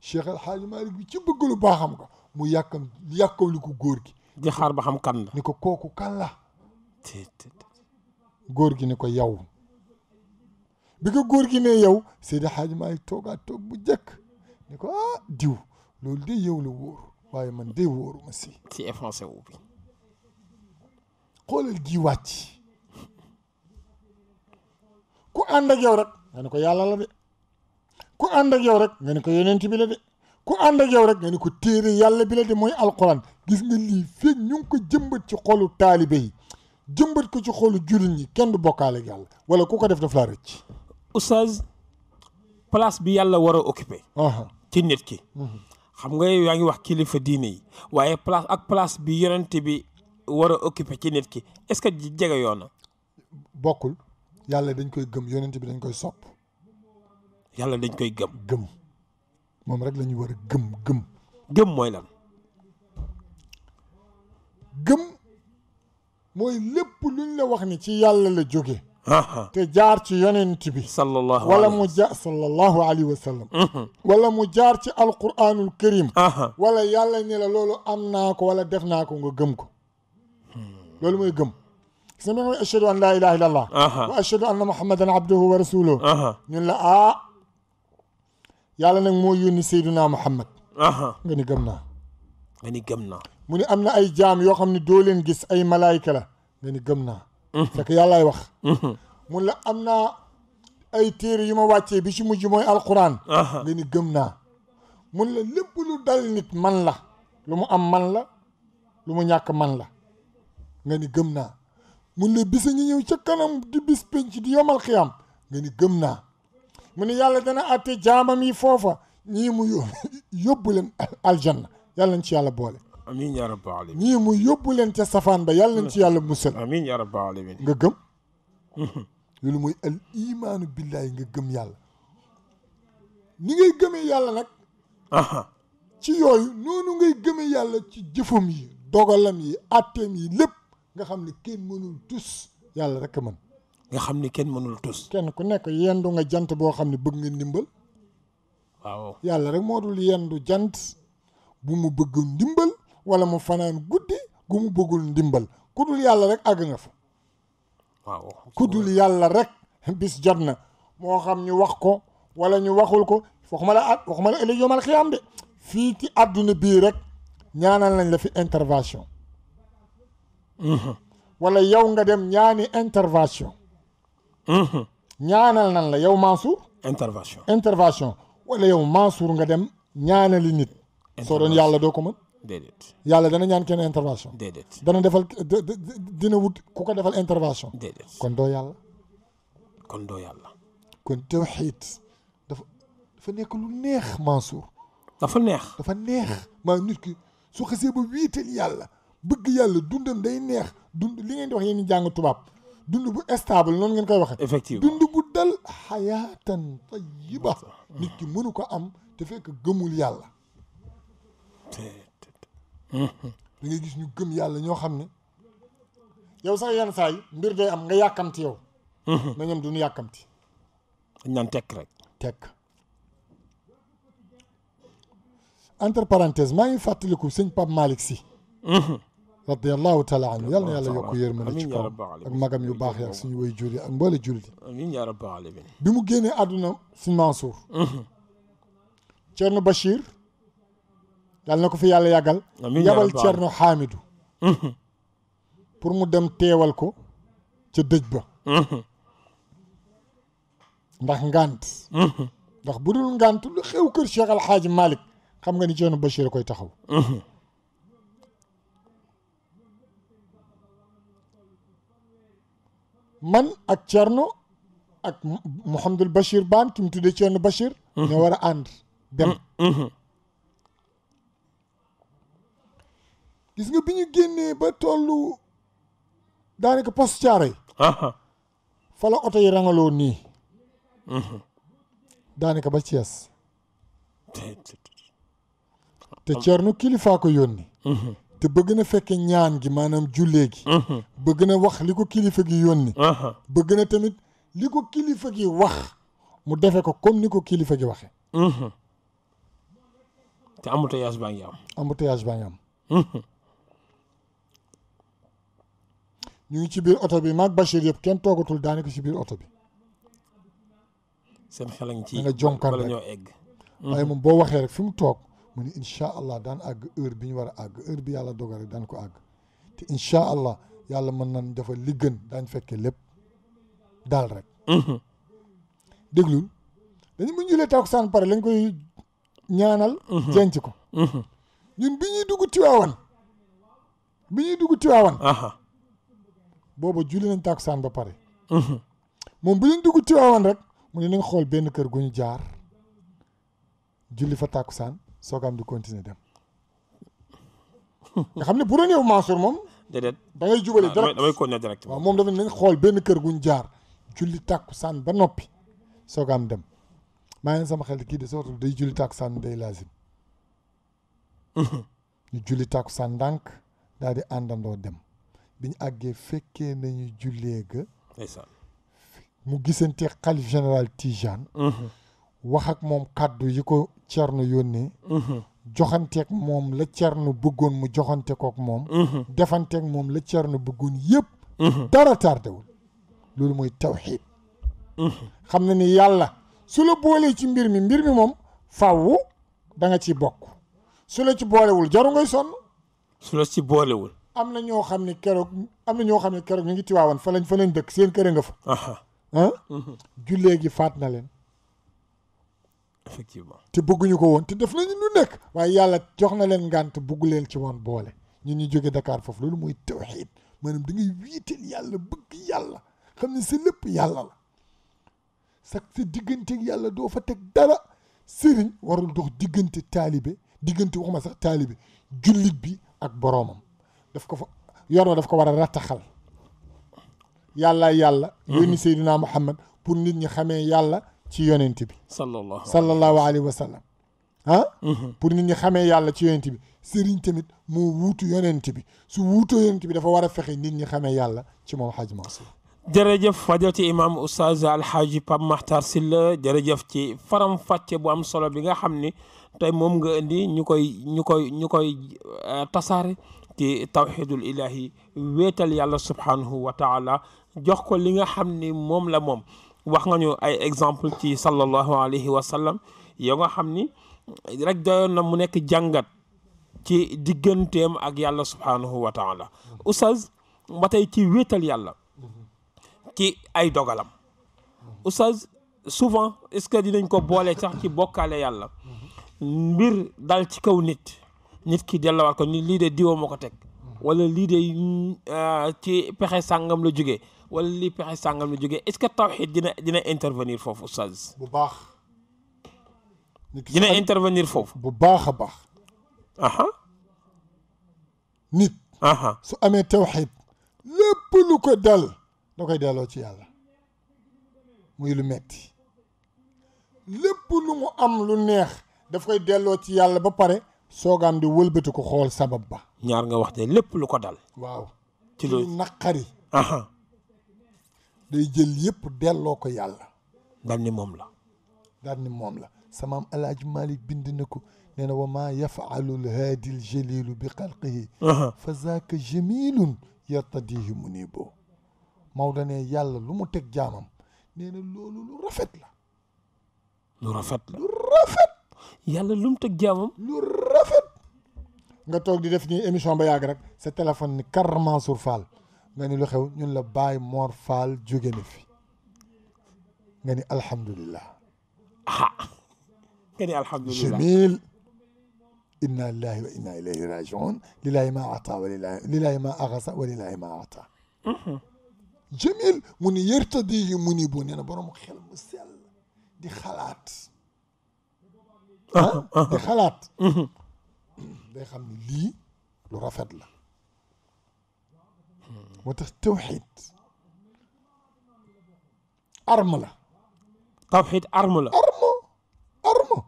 Cheikh al Hadj malik bi ci bëgg lu baaxam ko mu yakam yakaw liku ko góor gi. di xaar ba xam kan la. ni ko kooku kan la. góor gi ni ko yaw bi ko góor gi ne yow al Hadj malik toga toog bu jëkk ni ko ah diw lol de yow lu wóor waye man de wóoruma si. ci français wu bi. xoolal gi wàcc. ku ànd ak yow rek nga ne ko yàlla la de ku ànd ak yow rek nga ne ko yonent bi la de ku ànd ak yow rek nga ni ko téere yàlla bi la de mooy alquran gis nga lii fii ñu ko jëmbat ci xolu taalibe yi jëmbat ko ci xolu juriñ ñi kenn du bokkaale ak yàlla wala ku ko def daf laa rëcc. oustaz place bi yàlla war a occupé. ci nit ki. xam nga yaa ngi wax kilifa diine yi waaye place ak place bi yonent bi war a occupé ci nit ki est-ce que jege yoon na bokkul. yàlla dañ koy gëm yonent bi dañ koy sopp yàlla dañ koy gëm gëm moom rek lañuy ñu war gëm gëm gëm mooy lan gëm mooy lépp luñ la wax ni ci yàlla la jóge te jaar ci yonent bi sallallahu wala mu jaar sallallahu alayhi wa sallam mhm. wala mu jaar ci alquranul karim wala yàlla ni la loolu am naa ko wala def naa ko nga gëm ko hmm. loolu mooy gëm سمعوا اشهد ان لا اله الا الله أه. واشهد ان محمدا عبده ورسوله اها نين لا اه يالا نك مو يوني سيدنا محمد اها غني غمنا غني غمنا موني امنا اي جام يو خامني دولين غيس اي ملائكه لا غني غمنا فك يالا يوخ مون لا امنا اي تير يما واتي بيشي موجي موي القران اها غني غمنا مون لا لب لو دال نيت مان لا لومو ام مان لا لومو نياك مان لا غني غمنا mun ne bisa ngi ñëw ca kanam di bis penc di yomal xiyam nga ni gëm naa mu ne yàlla dana àtte jaamam yi foofa ñii mu *laughs* yóbbu leen aljanna yàlla nañ ci yàlla boole amiin yaa rabbal aalamiin ñii mu yóbbu leen ca safaan ba yàlla nañ si yàlla musal amiin yaa rabbal nga gëm *laughs* loolu mooy al imaanu billahi nga gëm yàlla ni ngay gëmee yàlla nag ci yooyu noonu ngay gëmee yàlla ci jëfam yi dogalam yi atteem yi lépp nga xam ne kenn mënul tus yàlla rek a mën nga xam ni kenn mënul tus kenn ku nekk yendu nga jant boo xam ne bëgg nga ndimbal waaw yàlla rek moo dul yendu jant bu mu ndimbal wala mu fanaan guddi bëggul ndimbal ku dul yàlla rek àgg nga fa waaw ku dul yàlla rek bis jat na moo xam ñu wax ko walla ñu waxul ko waxuma la at waxuma la ëllëg yomal xiyaam de fii ci àdduna bii rek ñaanal nañ la fi intervention Uh-huh. wala yow nga dem ñaani intervention. Uh-huh. ñaanal nan la yow Mansour. intervention intervention wala yow Mansour nga dem ñaanali nit. soo doon yàlla doo ko mën. déedéet yàlla dana ñaan kenn intervention. déedéet dana defal dina wut ku ko defal intervention. déedéet kon doo yàlla. kon doo yàlla. kon tawxiid dafa dafa nekk lu neex Mansour. dafa neex dafa neex. maa nit ki su xasee ba wiital yàlla. bëgg yàlla dundam day neex dund li ngeen di wax yéen ñi jàng tubaab dund bu stable noonu ngeen koy waxee. effectivement dund bu dal xayaatan tayyiba nit ki mënu ko am te fekk gëmul yàlla. da gis ñu gëm yàlla ñoo xam ne yow sax yenn saa yi mbir day am nga yàkkamti yow. mais mhm. ñoom duñu yàkkamti. dañ naan tekk rek. tekk entre parenthèse maa ngi fàttaliku sëñ Pape Malick Sy. Mhm. رضي الله تعالى عنه يلا يلا يكير من أمين يا رب العالمين مقام يباخ يا سي وي جولي ام بول جولي امين يا رب العالمين بمو غيني ادنا سي منصور تشيرنو بشير قال نكو في يالا ياغال امين يا رب العالمين تشيرنو حامد pour mu dem téewal ko ci dëj ba mhm. ndax ngant mhm. ndax bu dul ngant lu xew kër cheikh al hadj malik xam nga ni jeune bachir koy taxaw mhm. man ak tierno ak Mouhamadul bashir ban ki mu tierno bashir ñu wara and dem. gis nga biñu ñu ba tollu daanaka post tiaray fa la auto yi rangaloo nii. daanaka ba ties te tierno kilifa ko te bëgg na fekke ñaan gi maanaam jullee gi mhm. bëgg na wax li ko kilifa gi yónni mhm. bëgg na tamit li ko kilifa gi wax mu defe ko comme ni ko kilifa gi waxe mhm. te embouteillage baa ngi am embouteillage baa ngi am ñu ngi ci biir oto bi maag Bachir yëpp kenn toogatul daanaka ci biir oto bi seen xel ci da nga jonkan rek waaye moom boo waxee rek fi mu toog mu ni incha allah daan àgg heure bi ñu war a àgg heure bi yàlla dogal rek daan ko àgg te incha allah yàlla mën na dafa li gën daañ fekkee lépp daal rek mhm. déglul dañu bu ñu julee takkusaan pare lañ koy ñaanal denc mhm. ko mhm. ñun bi ñuy dugg tiwaawan bi julli nañ takkusaan ba pare moom bu ñu dugg tiwaawan rek mu ne nañ xool benn kër gu ñu jaar julli fa takkusaan soogaam di continuer dem nga xam ne bu doon yow Mansour moom. déedéet da ngay jubale ah, direct damay continuer moom dafa nañ xool benn kër guñ jaar julli tàkku sànn ba noppi soogaam dem maa ngi sama xel kii de sootul day julli tàkku sànn day lazim *laughs* ñu julli tàkku sànn ndànk daal di àndandoo dem bi ñu àggee fekkee nañu jullee ga. mu gisante xalif général Tijane. Mm-hmm. wax ak moom kàddu yi ko Thierno yónnee. Mm-hmm. joxanteeg moom la Thierno bëggoon mu joxante kook moom. Mm-hmm. defanteeg moom la Thierno bëggoon yëpp. Mm-hmm. dara tardewul loolu mooy tawxiid. xam na ni yàlla su la boolee ci mbir mi mbir mi moom fàww danga ci bokk su la ci boolewul jaru ngay sonn. su la ci boolewul. am na ñoo xam ne keroog am na ñoo xam ne keroog ñu ngi tiwaawoon fa lañ fa lañ dëkk seen kër nga fa. jullee gi faat na leen. effectivement te bëgguñu ko woon te def nañu lu nekk waaye yàlla jox na leen ngànt bëggu leen ci woon boole ñun ñu jóge dakaar foofu loolu mooy tawxiid maanaam da ngay wiiteel yàlla bëgg yàlla xam ne sa lépp yàlla la sax sa digganteeg yàlla doo fa teg dara sëriñ warul dox diggante taalibe diggante wax ma sax taalibe jullit bi ak boroomam daf ko fa yoon wa daf ko war a rattaxal yàlla yàlla mm-hmm. yónni Seydina Muhammad pour nit ñi xamee yàlla ci yonent bi sallallahu sallallahu alayhi wa sallam ah pour nit ñi xamee yàlla ci yonent bi sëriñ tamit moo wuutu yonent bi su wuutoo yonent bi dafa war a fexe nit ñi xamee yàlla ci moom Hadj Mansour jërëjëf fajoti imam oustaz alhaaji Pape Makhtar Sylla jërëjëf ci faram fàcce bu am solo bi nga xam ni tey moom nga indi ñu koy ñu koy ñu koy tasaare ci tawxidul ilahi wéetal yàlla subhanahu wa taala jox ko li nga xam ni moom la moom wax nga ñu ay exemple ci sallallahu alayhi wa sallam yoo nga xam ni rek doyoon na mu nekk jàngat ci digganteem ak yàlla subhaanahu wa taala oustaz ci wéetal yàlla ci ay dogalam oustaz souvent est-ce que dinañ ko boole sax ci bokkaale yàlla mbir dal ci kaw nit nit ki delluwaat ko ni lii de diwa ma teg wala lii de euh, ci pexe sàngam la jóge wala lii pexe sàngam la jógee est-ce que tawxiid dina dina intervenir foofu oustaz. bu baax. dina intervenir foofu. bu baax a baax. nit. su amee tawxiid lépp lu ko dal da koy delloo ci yàlla muy lu metti lépp lu mu am lu neex daf koy delloo ci yàlla ba pare soogaan di wëlbati ko xool sabab ba ñaar nga wax de lépp lu ko dal waaw ci naqari day jël yëpp delloo ko yàlla daan ni moom la daan ni moom la samaam alaaji Malick bind na ko nee na wa maa yafaalul haadil jalilu bi xalqihi fa zaaka jamilun yartadihi munibo Maodo ne yàlla lu mu teg jaamam nee na loolu lu rafet la lu rafet la lu rafet yàlla lu mu teg jaamam lu rafet nga toog di def nii émission ba yàgg rek sa téléphone ni kar Mansour Fall nga ni lu xew ñun la Baye Mor Fall jóge na fi ni alhamdulilah ah nga ni alhamdulilah inna lillahi wa ilayhi rajiun lillahi ma ata wa lillahi ma axasa wa lillahi ma ata mhm. jamil mu ni yërtadi yi xel mu sell di xalaat di xalaat mhm. day xam rafet la وتستوحد أرملة توحيد أرملة أرمى أرمى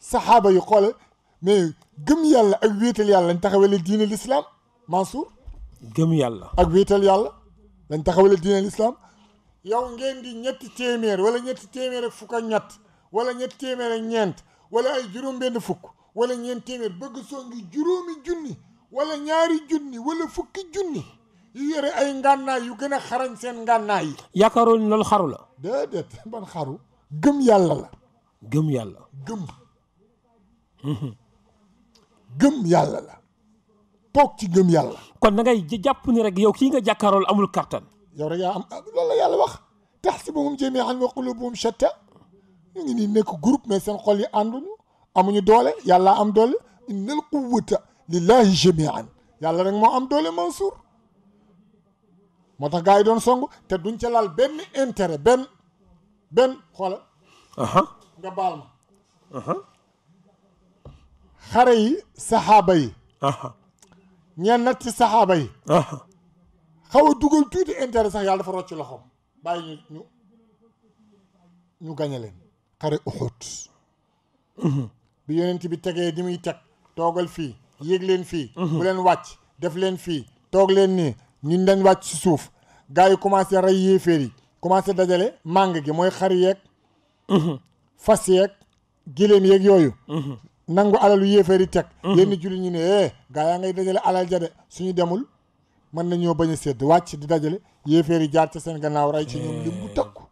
صحابة يقول مي قم يلا أقويتل يلا أنت خويل الدين الإسلام منصور قم يلا أقويتل يلا أنت خويل الدين الإسلام yow ngeen di ñetti téeméer wala ñetti téeméer ak fukk ak ñett wala ñetti téeméer ak ñeent wala ay juróom benn fukk wala ñeent téeméer bëgg soo ngi juróomi junni wala ñaari junni wala fukki junni yu yore ay ngànnaay yu gën a xarañ seen ngànnaay yi yaakaaroon ni loolu xaru la déedéet ban xaru gëm yàlla la gëm yàlla gëm mhm. gëm yàlla toog ci gëm yàlla kon da ngay jàpp ni rek yow kii nga jàkkaarool amul kattan yow rek am loolu la yàlla wax tahsabuhum jamii'an wa quluubuhum shattaa ñu ngi nii nekk groupe mais seen xool yi ànduñu amuñu doole yàlla am doole innal quwwata lillahi jamii'an yàlla rek moo am doole Mansour moo tax gars yi doon song te duñ ca laal benn intérêt benn benn xoola nga baal ma xare yi saxaaba yi ñeen nag ci saxaaba yi xaw a dugal tuuti intérêt sax yàlla dafa rocc loxoom bàyyi ñu ñu gañe leen xare uxut mhm. bi bi tegee di muy teg toogal fii yéeg leen fii mhm. bu leen wàcc def leen fii toog leen nii ñun dañ wàcc si suuf gars yi commencé rey yéeféer yi commencé dajale màng gi mooy xar yeeg mhm. fas yeeg giléem yeeg yooyu mhm. nangu alalu yéeféer yi teg mhm. yenn julli ñu ne eh yaa ngay dajale alal ja de suñu demul mën nañoo bañ a sédd wàcc di dajale yéeféer yi jaar ci seen gannaaw rey ci ñoom lim bu takku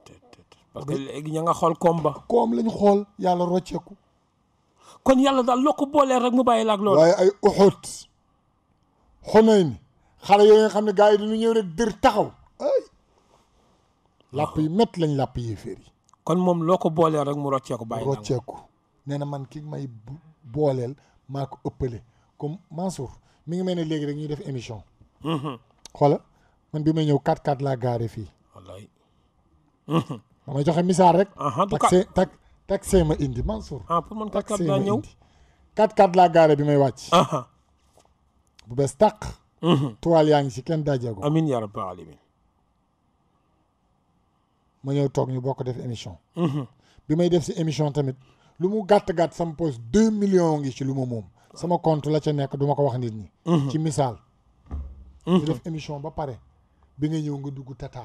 parce que léegi ña nga xool koom koom lañu xool yàlla rocceeku kon yàlla daal loo ko boolee rek mu bàyyi laak loolu waaye ay uxut xunayn xale yooyu nga xam ne gars yi dañu ñëw rek dër taxaw ay làpp yi métt lañ làpp yi féer yi kon moom loo ko booleel rek mu rocceeku bàyyi rocceeku nee na man ki may booleel maa ko ëppale comme Mansour mi ngi mel ne léegi rek ñuy def émission mhm. xoola man bi may ñëw 4-4 laa gaare fii wallaay mhm. damay joxe misaal rek taxe ta taxe ma indi Mansour ah pour man 4-4 laa ñëw 4-4 laa gaare bi may wàcc bu bees tàq Mhm. tuwaal yaa ngi si kenn dajee ko. amiin yaa rabbal alamin ma ñëw toog ñu bokk def émission. Mhm. bi may def si émission tamit lu mu gàtt gàtt sama poche deux million ngi ci lu ma moom. sama compte la ca nekk duma ko wax nit ñi. Mhm. ci misaal. ñu def émission ba pare bi nga ñëw nga dugg tata.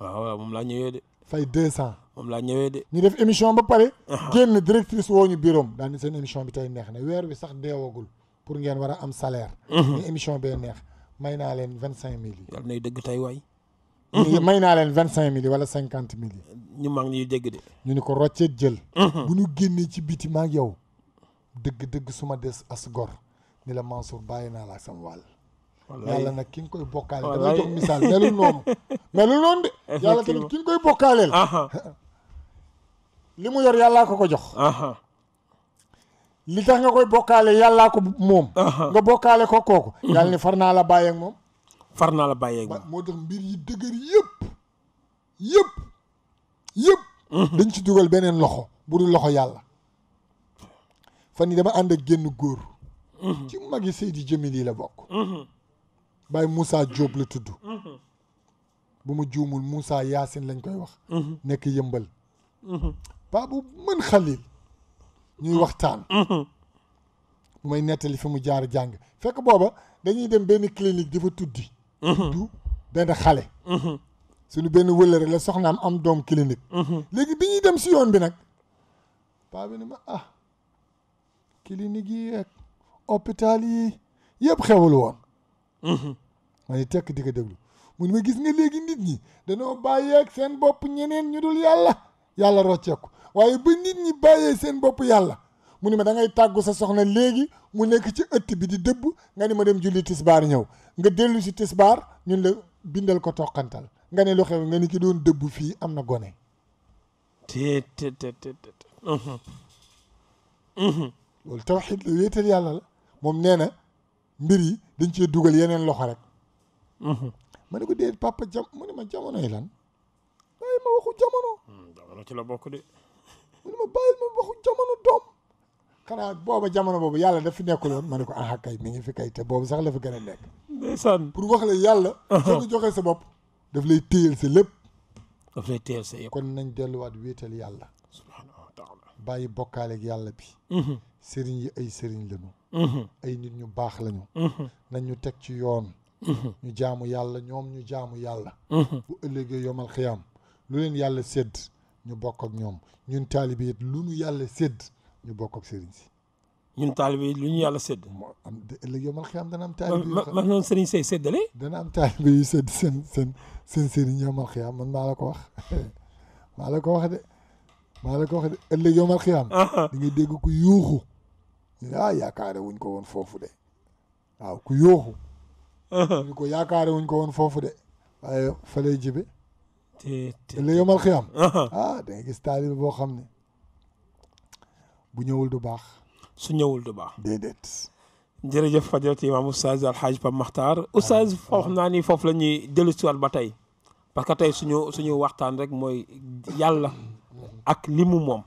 waaw moom laa ñëwee de. fay deux cent. moom laa ñëwee de. ñu def émission ba pare. génn directrice woo ñu biroom daal ni seen émission bi tey neex na weer wi sax deewagul. pour ngeen war a am salaire. Mhm. ni émission bee neex may naa leen vingt cinq mille yi. yàlla nay dëgg tey waay. may naa leen vingt cinq mille yi wala cinquante mille yi. ñu mag ñuy dégg de. ñu ni ko roccet jël. Mhm. bu ñu génnee ci biti maag yow. dëgg dëgg suma ma des as gor ni la Mansour bàyyi naa la ak sama wàll. yàlla nag ki koy bokkaaleel. wallaay damay jox misaal melul noonu. *laughs* melul noonu ki nga koy bokkaaleel. *laughs* li mu yor yàllaa ko ko jox. li tax nga koy bokkaale yàllaa ko moom nga bokkaale ko kooku yàlla ni far naa la bàyyeeg moom far naa la bàyyeeg moom moo tax mbir yi dëgër yëpp yëpp yëpp dañ ci dugal beneen loxo bu dul loxo yàlla fan yi dama ànd ak génn góor ci magi Seydi Jamil yi la bokk Baye Moussa Diop la tudd bu ma juumul Moussa Yaasin lañ koy wax nekk yëmbal paa bu mën xalil ñuy waxtaan. bu mhm. may nettali fi mu jaar jàng fekk booba dañuy dem benn clinique di fa tuddi. Mhm. du benn xale. Mhm. suñu benn wëllëre la soxnaam am doom clinique. léegi bi ñuy dem si yoon bi nag. paa bi ni ma ah. clinique yi ak hôpital yi yëpp xewul woon. ma tekk di ko déglu mu ma gis nga léegi nit ñi danoo bàyyeeg seen bopp ñeneen ñu dul yàlla yàlla rocceeku. waaye ba nit ñi bàyyee seen bopp yàlla mu ni ma dangay ngay tàggu sa soxna léegi mu nekk ci ëtt bi di dëbb nga ni ma dem julli tisbaar ñëw nga dellu si tisbaar ñun la bindal ko toqantal nga ne lu xew nga ni ki doon dëbb fii am na gone te te te te mhm. Mhm. loolu tawxiid la wéetal yàlla la moom nee na mbir yi dañ cee dugal yeneen loxo rek mhm. ma ne ko déet papa jam mu ne ma jamonoy lan waaye ma waxu jamono hmm, jamono ci la bokk de mu ne ma bàyyil ma waxu boobu yàlla daf fi nekkul woon ma ne ko ah kay mi ngi fi kay a nekk ndeysaan pour wax sa bopp daf lay téyal sa lépp daf lay téyal sa yëpp kon nañ delluwaat wéetal yàlla subhaanahu wa taala bàyyi bokkaaleeg yàlla bi mhm. sëriñ yi ay sëriñ lañu mhm. ay nit ñu baax lañu mhm. nañ ñu teg ci yoon ñu jaamu yàlla ñoom ñu jaamu yàlla bu ëllëgee yomal xiyaam lu leen yàlla sédd ñu bokk ñoom ñun taalibe it lu ñu yàlla sédd ñu bokk ak sëriñ si. ñun taalibe yi lu ñu yàlla sedd moo am ëllëg yomal xiyaam dana am. taalibe yi ma dana am taalibe yu sédd seen seen seen sëriñ man maa la ko wax *laughs* maa la ko wax de maa la ko wax de ëllëg yomal xiyaam. di dégg ku yuuxu. ñu ne ah yaakaare wuñ ko woon foofu de waaw ku wuñ ko woon foofu de. fa jibe te la yomal xiyam ah da nga gis taalibe boo xam ne bu ñëwul du baax su ñëwul du baax déedéet jërëjëf fajrat imaam oustaz alxaaj Pam Maxtaar ah, oustaz ah. foo xam naa ni foofu la ñuy dellu si waat ba tey parce que tey suñu suñu waxtaan rek mooy yàlla ak li mu moom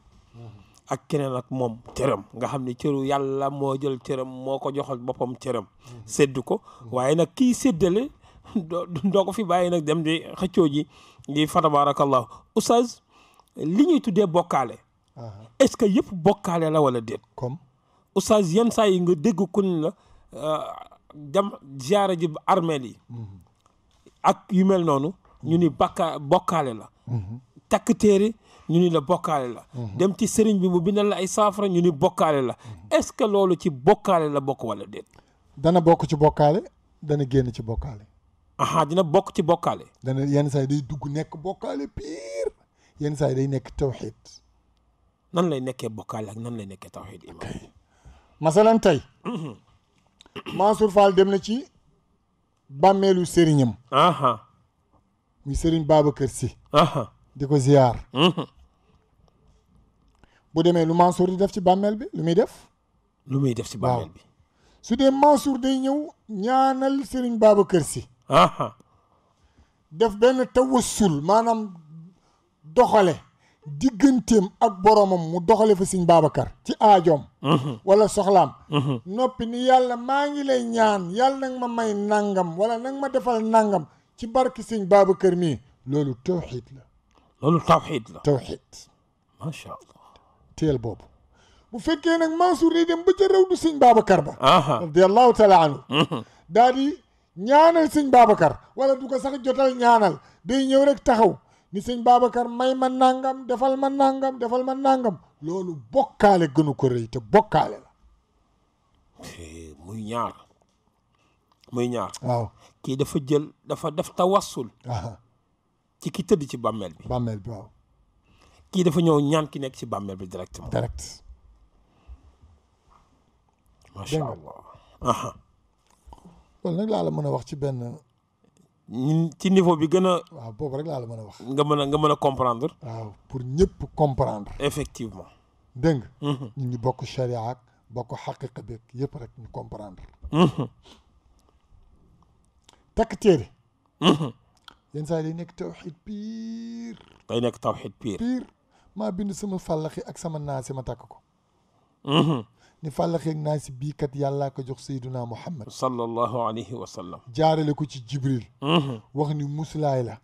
ak keneen ak moom cëram nga xam ne cëru yàlla moo jël cëram moo ko joxal boppam cëram mm-hmm. sédd ko mm-hmm. waaye nag kii séddale doo ko fi bàyyi nag dem di xëccoo ji di fa tabarakallahu oustaz li ñuy tuddee bokkaale est-ce que yëpp bokkaale la wala déet comme oustaz yenn saa yi nga dégg kun la euh, dem ziyaara ji armeel yi mhm. yu mel noonu ñu ni mhm. bakka bokkaale la mhm. ñu ni la bokkaale la dem ci sëriñ bi mu bindal la ay saafara ñu ni bokkaale la est-ce que loolu ci bokkaale la bokk wala déet dana bokk ci bokkaale dana génn ci bokkaale aha dina bokk ci bokkaale. dana yenn saa yi day dugg nekk bokkaale pire yenn saa yi day nekk tawxiid. nan lay nekkee bokkaale ak nan lay nekkee tawxiid imam. masalan tey. Mhm. Mansour Fall dem na ci bàmmeelu sëriñam. muy sëriñ kër si di ko ziyaar. Mhm. bu demee lu Mansour di def ci bàmmeel bi lu muy def. lu muy def ci bàmmeel bi. su dee Mansour day ñëw ñaanal sëriñ kër si def benn tawassul maanaam doxale digganteem ak boromam mu doxale fa sëñ Babacar ci aajoom mhm. wala soxlaam mhm. noppi ni yàlla maa ngi lay ñaan yàlla nag ma may nangam wala nag ma defal nangam ci barki sëñ Babacar mii loolu tawxiid la loolu tawxiid la tawxiid macha allah teel boobu bu fekkee nag Mansour day dem ba ca du sëñ Babacar ba radiallahu taala anhu mhm. daal ñaanal sëñ Babacar wala du ko sax jotal ñaanal day ñëw rek taxaw ni sëñ Babacar may ma nangam defal man nangam defal ma nangam loolu bokkaale gënu ko rëy te bokkaale la. Eh, muy ñaar muy ñaar. waaw kii dafa jël dafa def tawassul. ci ki tëdd ci bameel bi. bàmmeel bi waaw. kii dafa ñëw ñaan ki nekk ci bàmmeel bi directement. direct. macha allah. loolu nag laa mën a wax ci benn. ñun ci niveau bi gën a. waaw boobu rek laa mën a wax. nga mën a nga mën a comprendre. waaw pour ñëpp comprendre. effectivement. dégg nga. ñu mhm. ngi bokk charia ak bokk xaqiqa beeg yëpp rek ñu comprendre. Mhm. takk téere. Mhm. yenn yi day nekk tawxiid piir. day nekk tawxiid piir. piir maa bind sama fàllaxi ak sama naasi ma takk ko. ni fàllaxeeg naa si bii kat yàllaa ko jox sayduna muhammad sallallahu alayhi wa sallam jaarale ko ci jibril wax ni muslaay la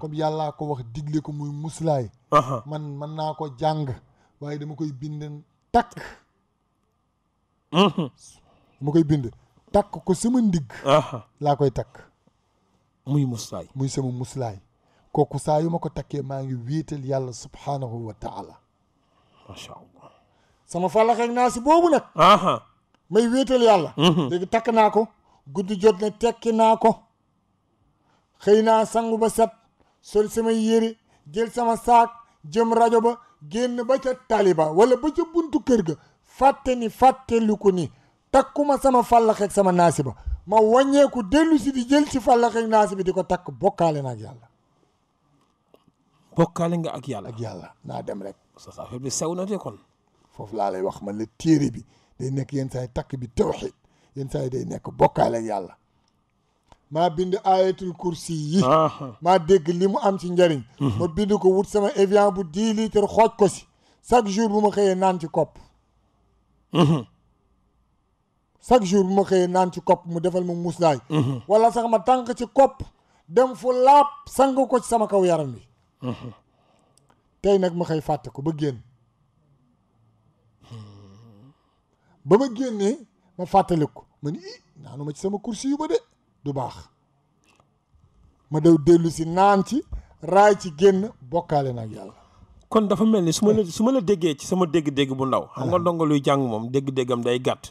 comme yàllaa ko wax digle ko muy muslaay man mën naa ko jàng waaye dama koy bind takk dama koy bind takk ko sama ndigg laa koy takk muy muslaay muy sama muslaay kooku saa yu ma ko takkee maa ngi wéetal yàlla subhaanahu wa taala macha allah sama falak ak bobu nak aha may wetal yalla mhm. léegi tak nako guddi jot na tekki nako xeyna naa sangu ba set sol sama yere jël sama sak, jëm radio ba genn ba ca taliba wala ba ca buntu kër ga fatte ni fatte lu ni takuma sama fallaxeeg sama nasi ba ma ko delu ci di jël ci fallaxeeg nasi bi di tak bokale nak yalla bokale nga ak yalla ak yalla naa dem rek sa sa bi sew na de kon foofu laa lay wax ma la tere bi day nekk yenn saay takk bi tawxid yenn saay day nekk bokkaale yàlla ma bind ayatul kursi yi ma dégg li mu am ci njariñ mhm. ma bind ko wut sama Evian bu dix litres xooj ko si chaque jour bu ma xëyee naan ci kopp mhm. chaque jour bu ma xëyee naan ci kopp mu defal ma muslaay mhm. wala sax ma tànk ci kopp dem fo laab sang ko ci sama kaw yaram bi tey nag ma xëy fàtte ko ba génn ba ma génnee ma fàttaliku ma ni i naanu ma ci sama kursi yu ba de du baax ma daw dellu si naan ci raay ci génn bokkaale na yàlla kon dafa mel ni su ma la eh. su ma déggee ci sama dégg-dégg bu ndaw xam nga ah. ndongo luy jàng moom dégg-déggam day gàtt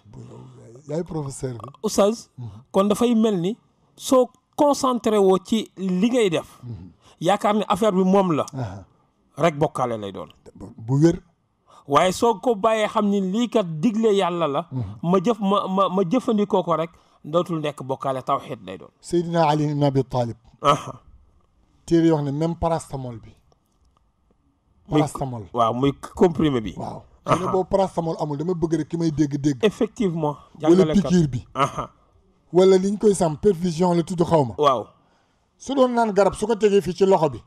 yaay professeur bi oustaz mhm. kon dafay mel ni soo concentré woo ci li ngay def mhm. yaakaar ne affaire bi moom la ah. rek bokkaale lay doon bu waye soko baye xamni li kat digle yàlla la. ma jëf ma ma ma jëfandikoo rek dotul nek bokale tawhid lay doon. Seydina Ali ibn Abi Talib. téere téré wax ne même parastamol bi. parastamol waaw muy comprimé bi. waaw xam bo parastamol amul dama bëgg rek ki may dégg-dégg. effectivement jangale wala pikir bi. wala liñ koy sam perfusion le tudd xawma waaw. su doon naan garab su ko tegee fi ci loxo bi.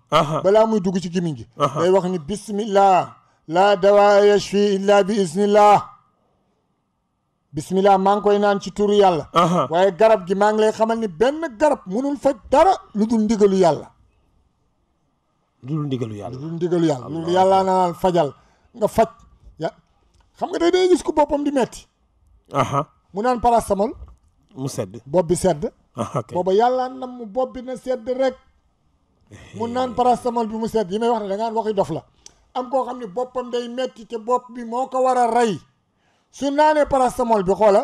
bala muy dugg ci gémmiñ gi. day wax ni bismillah. la dawa yashfi illa bi iznillah bismillah maa ngi koy naan ci turu yàlla waaye garab gi maa ngi lay xamal ni benn garab mënul faj dara lu dul na fajal nga ya xam nga day day gis ku boppam di metti mu naan paracétamol mu sedd bopp bi sedd booba yàlla nam mu bopp bi na sedd rek mu naan paracétamol bi mu sedd wax da waxi dof la am ko xamni bopam day metti te bop bi moko wara ray su nané parastamol bi xola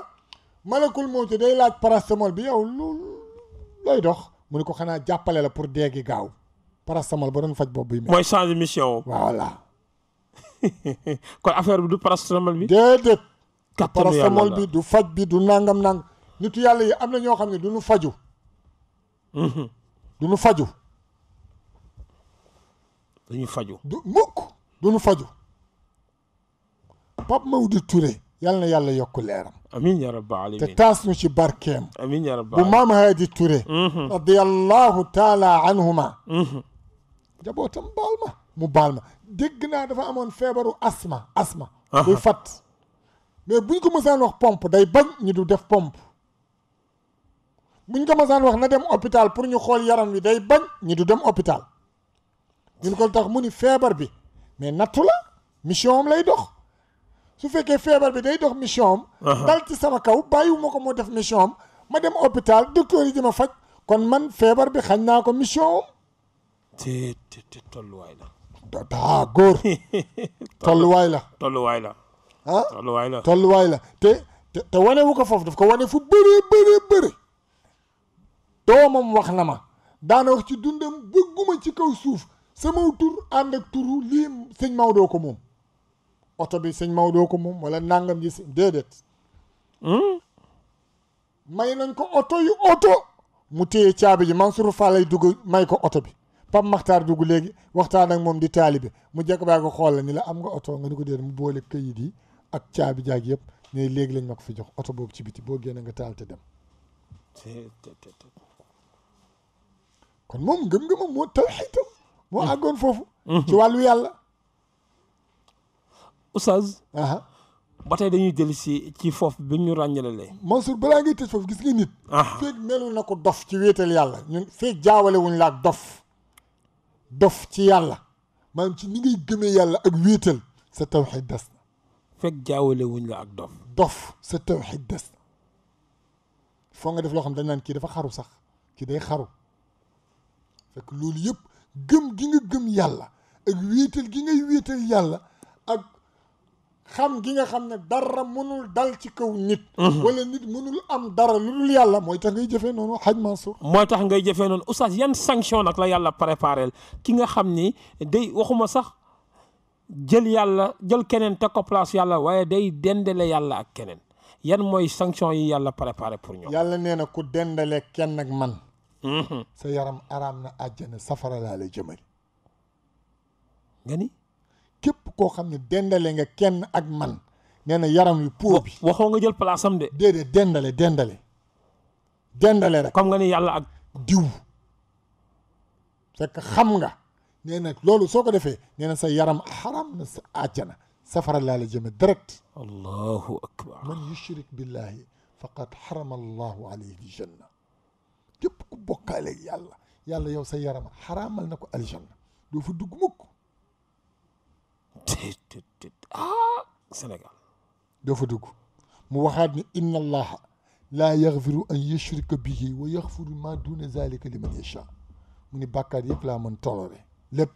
malakul mawti day laaj parastamol bi yow lu looy dox mu ne ko xanaa jàppale la pour dee gi gaaw paracétamol ba doon fajj bop bi. moy change mission. voilà. *laughs* kon affaire bi du parastamol bi. déedéet. parastamol bi du fajj bi du nangam nang nitu yalla yi amna ño xamni du nu faju. Mhm. du nu faju. dañu faju. du mukk. دون فجو باب مودي توري يالنا يالا يوكو ليرام امين يا رب العالمين تتاس نشي باركيم امين يا رب العالمين بمام هادي توري رضي الله تعالى عنهما جابو تم بالما مو بالما دغنا دا فا امون فيبرو اسما اسما بو فات مي بوين كو مسان واخ بومب داي باغ ني دو ديف بومب بوين كو مسان واخ نا ديم اوبيتال بور ني خول يارام وي داي باغ ني دو ديم اوبيتال دين كول تاخ موني فيبر بي mais nattu mission am lay dox su fekkee feebar bi day dox mission am dal ci sama kaw ma ko moo def mission ma dem hôpital docteur yi di ma faj kon man feebar bi xañ naa ko mission am te te tolluwaay la daa góor *laughs* la tolluwaay la ah la tolluwaay la te te wane wu ko foofu daf ko wane fu bëree bëree bëri doomam wax na ma daana wax ci dundam bëgguma ci kaw suuf sama tur ànd ak turu lii sëñ Maodo ko moom oto bi sëñ Maodo ko moom wala nangam ji déedéet hmm? may nañ ko oto yu oto mu téye caabi ji Mansour Fall lay dugg may ko oto bi pam Makhtar dugg léegi waxtaan ak moom di taalibe mu jekk baa ko xool la ni la am nga oto nga ni ko déedéet mu boole këyit yi ak caabi jaag yëpp ne léegi lañ ma ko fi jox oto boobu ci biti boo génne nga taal te dem kon moom ngëm-ngëmam moo tawxiitam moo àggoon foofu. ci wàllu yàlla. oustaz. ba tey dañuy jël si ci foofu bi ñu ràññalee. Mansour balaa ngay tëj foofu gis nga nit. feeg melu na ko dof ci wéetal yàlla ñun feeg jaawale wuñ la ak dof. dof ci yàlla maanaam ci ni ngay gëmee yàlla ak wéetal sa tawxiid des na. fekk jaawale wuñ la ak dof. dof sa tawxiid des na. foo nga def loo xam dañ naan kii dafa xaru sax kii day xaru fekk loolu yëpp gëm gi nga gëm yàlla ak wéetal gi ngay wéetal yàlla ak xam gi nga xam ne dara mënul dal ci kaw nit mhm. wala nit mënul am dara lu dul yàlla mooy tax ngay jëfee noonu xaj Mansour mooy tax ngay jëfee noonu oustaz yan sanction nag la yàlla préparel ki nga xam ni day waxuma sax jël yàlla jël keneen teg ko place yàlla waaye day dendale yàlla ak keneen yan mooy sanction yi yàlla préparé pour ñoom yàlla nee na ku dendale kenn ak man sa yaram araam na àjjana safara laa la jëmale nga ni képp koo xam ne dendale nga kenn ak man nee na yaram wi po bi waxoo nga jël place am de déedéet dendale dendale dendale rek comme nga ni yàlla ak diw fekk xam nga nee na loolu soo ko defee nee na sa yaram xaram na sa àjjana safara laa la jëme direct allahu akbar man yushrik billahi faqad xarama allahu alayhi aljanna كيف كبوك عليك حرام لناكو الجنة دو في دوغ إن الله لا يغفر أن يشرك به ويغفر ما دون ذلك لمن يشاء من بكار لا من تولوري لب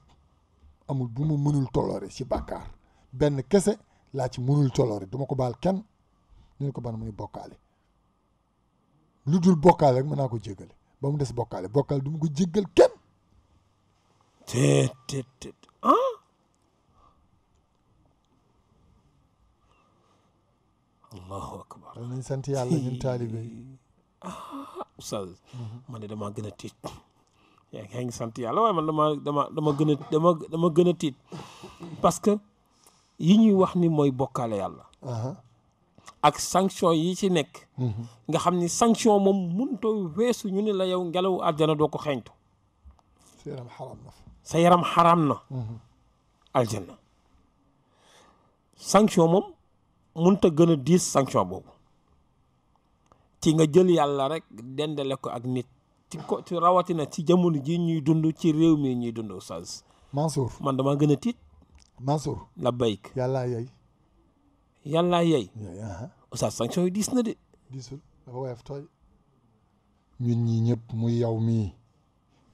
أمو بومو منو تولوري سي بكار بن كسي لا تي منو تولوري دو مكو بالكن نيكو بان موني بوكالي lu dul bokkaale rek mën naa ko jéggale ba mu des bokkaale bokkaale du mu ko jéggal kenn te te ah allahu akbar nañ sant yàlla ñun taalibe man de damaa gën a tiit yaa ngi sant yàlla waaye man dama dama gën a dama gën a tiit parce que yi ñuy wax ni mooy bokkaale yàlla ak sanction yi ci nekk mhm. nga xam ni sanction moom munta weesu ñu ni la yow ngelaw aljana doo ko xeeñtu sa yaram xaraam na sa yaram xaraam mhm. sanction moom munta gën a diis sanction boobu ci nga jël yàlla rek dendale ko ak nit ci ko ci rawatina ci jamono ji ñuy dund ci réew mi ñuy dund Oustaz Mansour man dama gën a tiit Mansour la bayk yàlla yàllaa yey. oustaz sanction yi diis na de. diisul dafa woyof tooy. ñun ñii ñëpp muy yow mii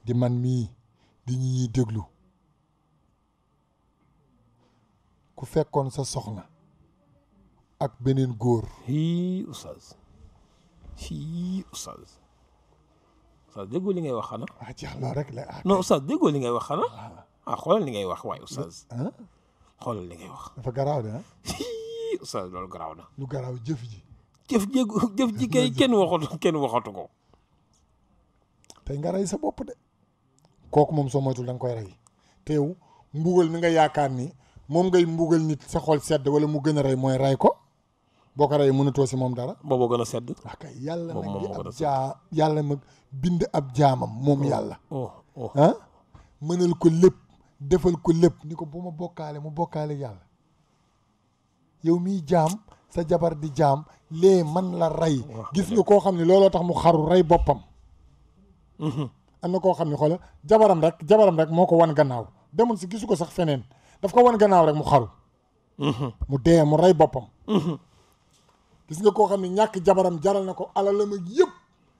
di man mii di ñi déglu ku fekkoon sa soxna ak beneen góor. hii oustaz hii li ngay wax xanaa. ah rek la ah. non oustaz déggoo li ngay wax xanaa. ah, ah xoolal li ngay wax waaye oustaz. Ah? xoolal li ngay wax. dafa garaaw de ah. yii garaaw na. lu garaaw jëf ji. jëf ji jëf kay kenn waxatu kenn waxatu ko. tey nga rey sa bopp de. kooku moom soo moytul da koy rey te yow mbugal mi nga yaakaar ni moom ngay mbugal nit sa xol sedd wala mu gën a rey mooy rey ko boo ko rey mënatoo si moom dara. booboo gën a sedd. waaw ah, kay yàlla nag di yàlla nag bind ab jaamam moom oh, yàlla. Oh, oh. ah mënal ko lépp defal ko lépp ni ko bu ma bokkaale mu bokkaale yàlla. yow miy jaam sa jabar di jaam lee man la rey gis nga koo xam ne looloo tax mu xaru rey boppam mhm. am na koo xam ne xoola jabaram rek jabaram rek moo ko wan gannaaw demul si gisu ko sax feneen daf ko wan gannaaw rek mu xaru mhm. mu dee mu rey boppam mhm. gis nga koo xam ne ñàkk jabaram jaral na ko alalam ak yëpp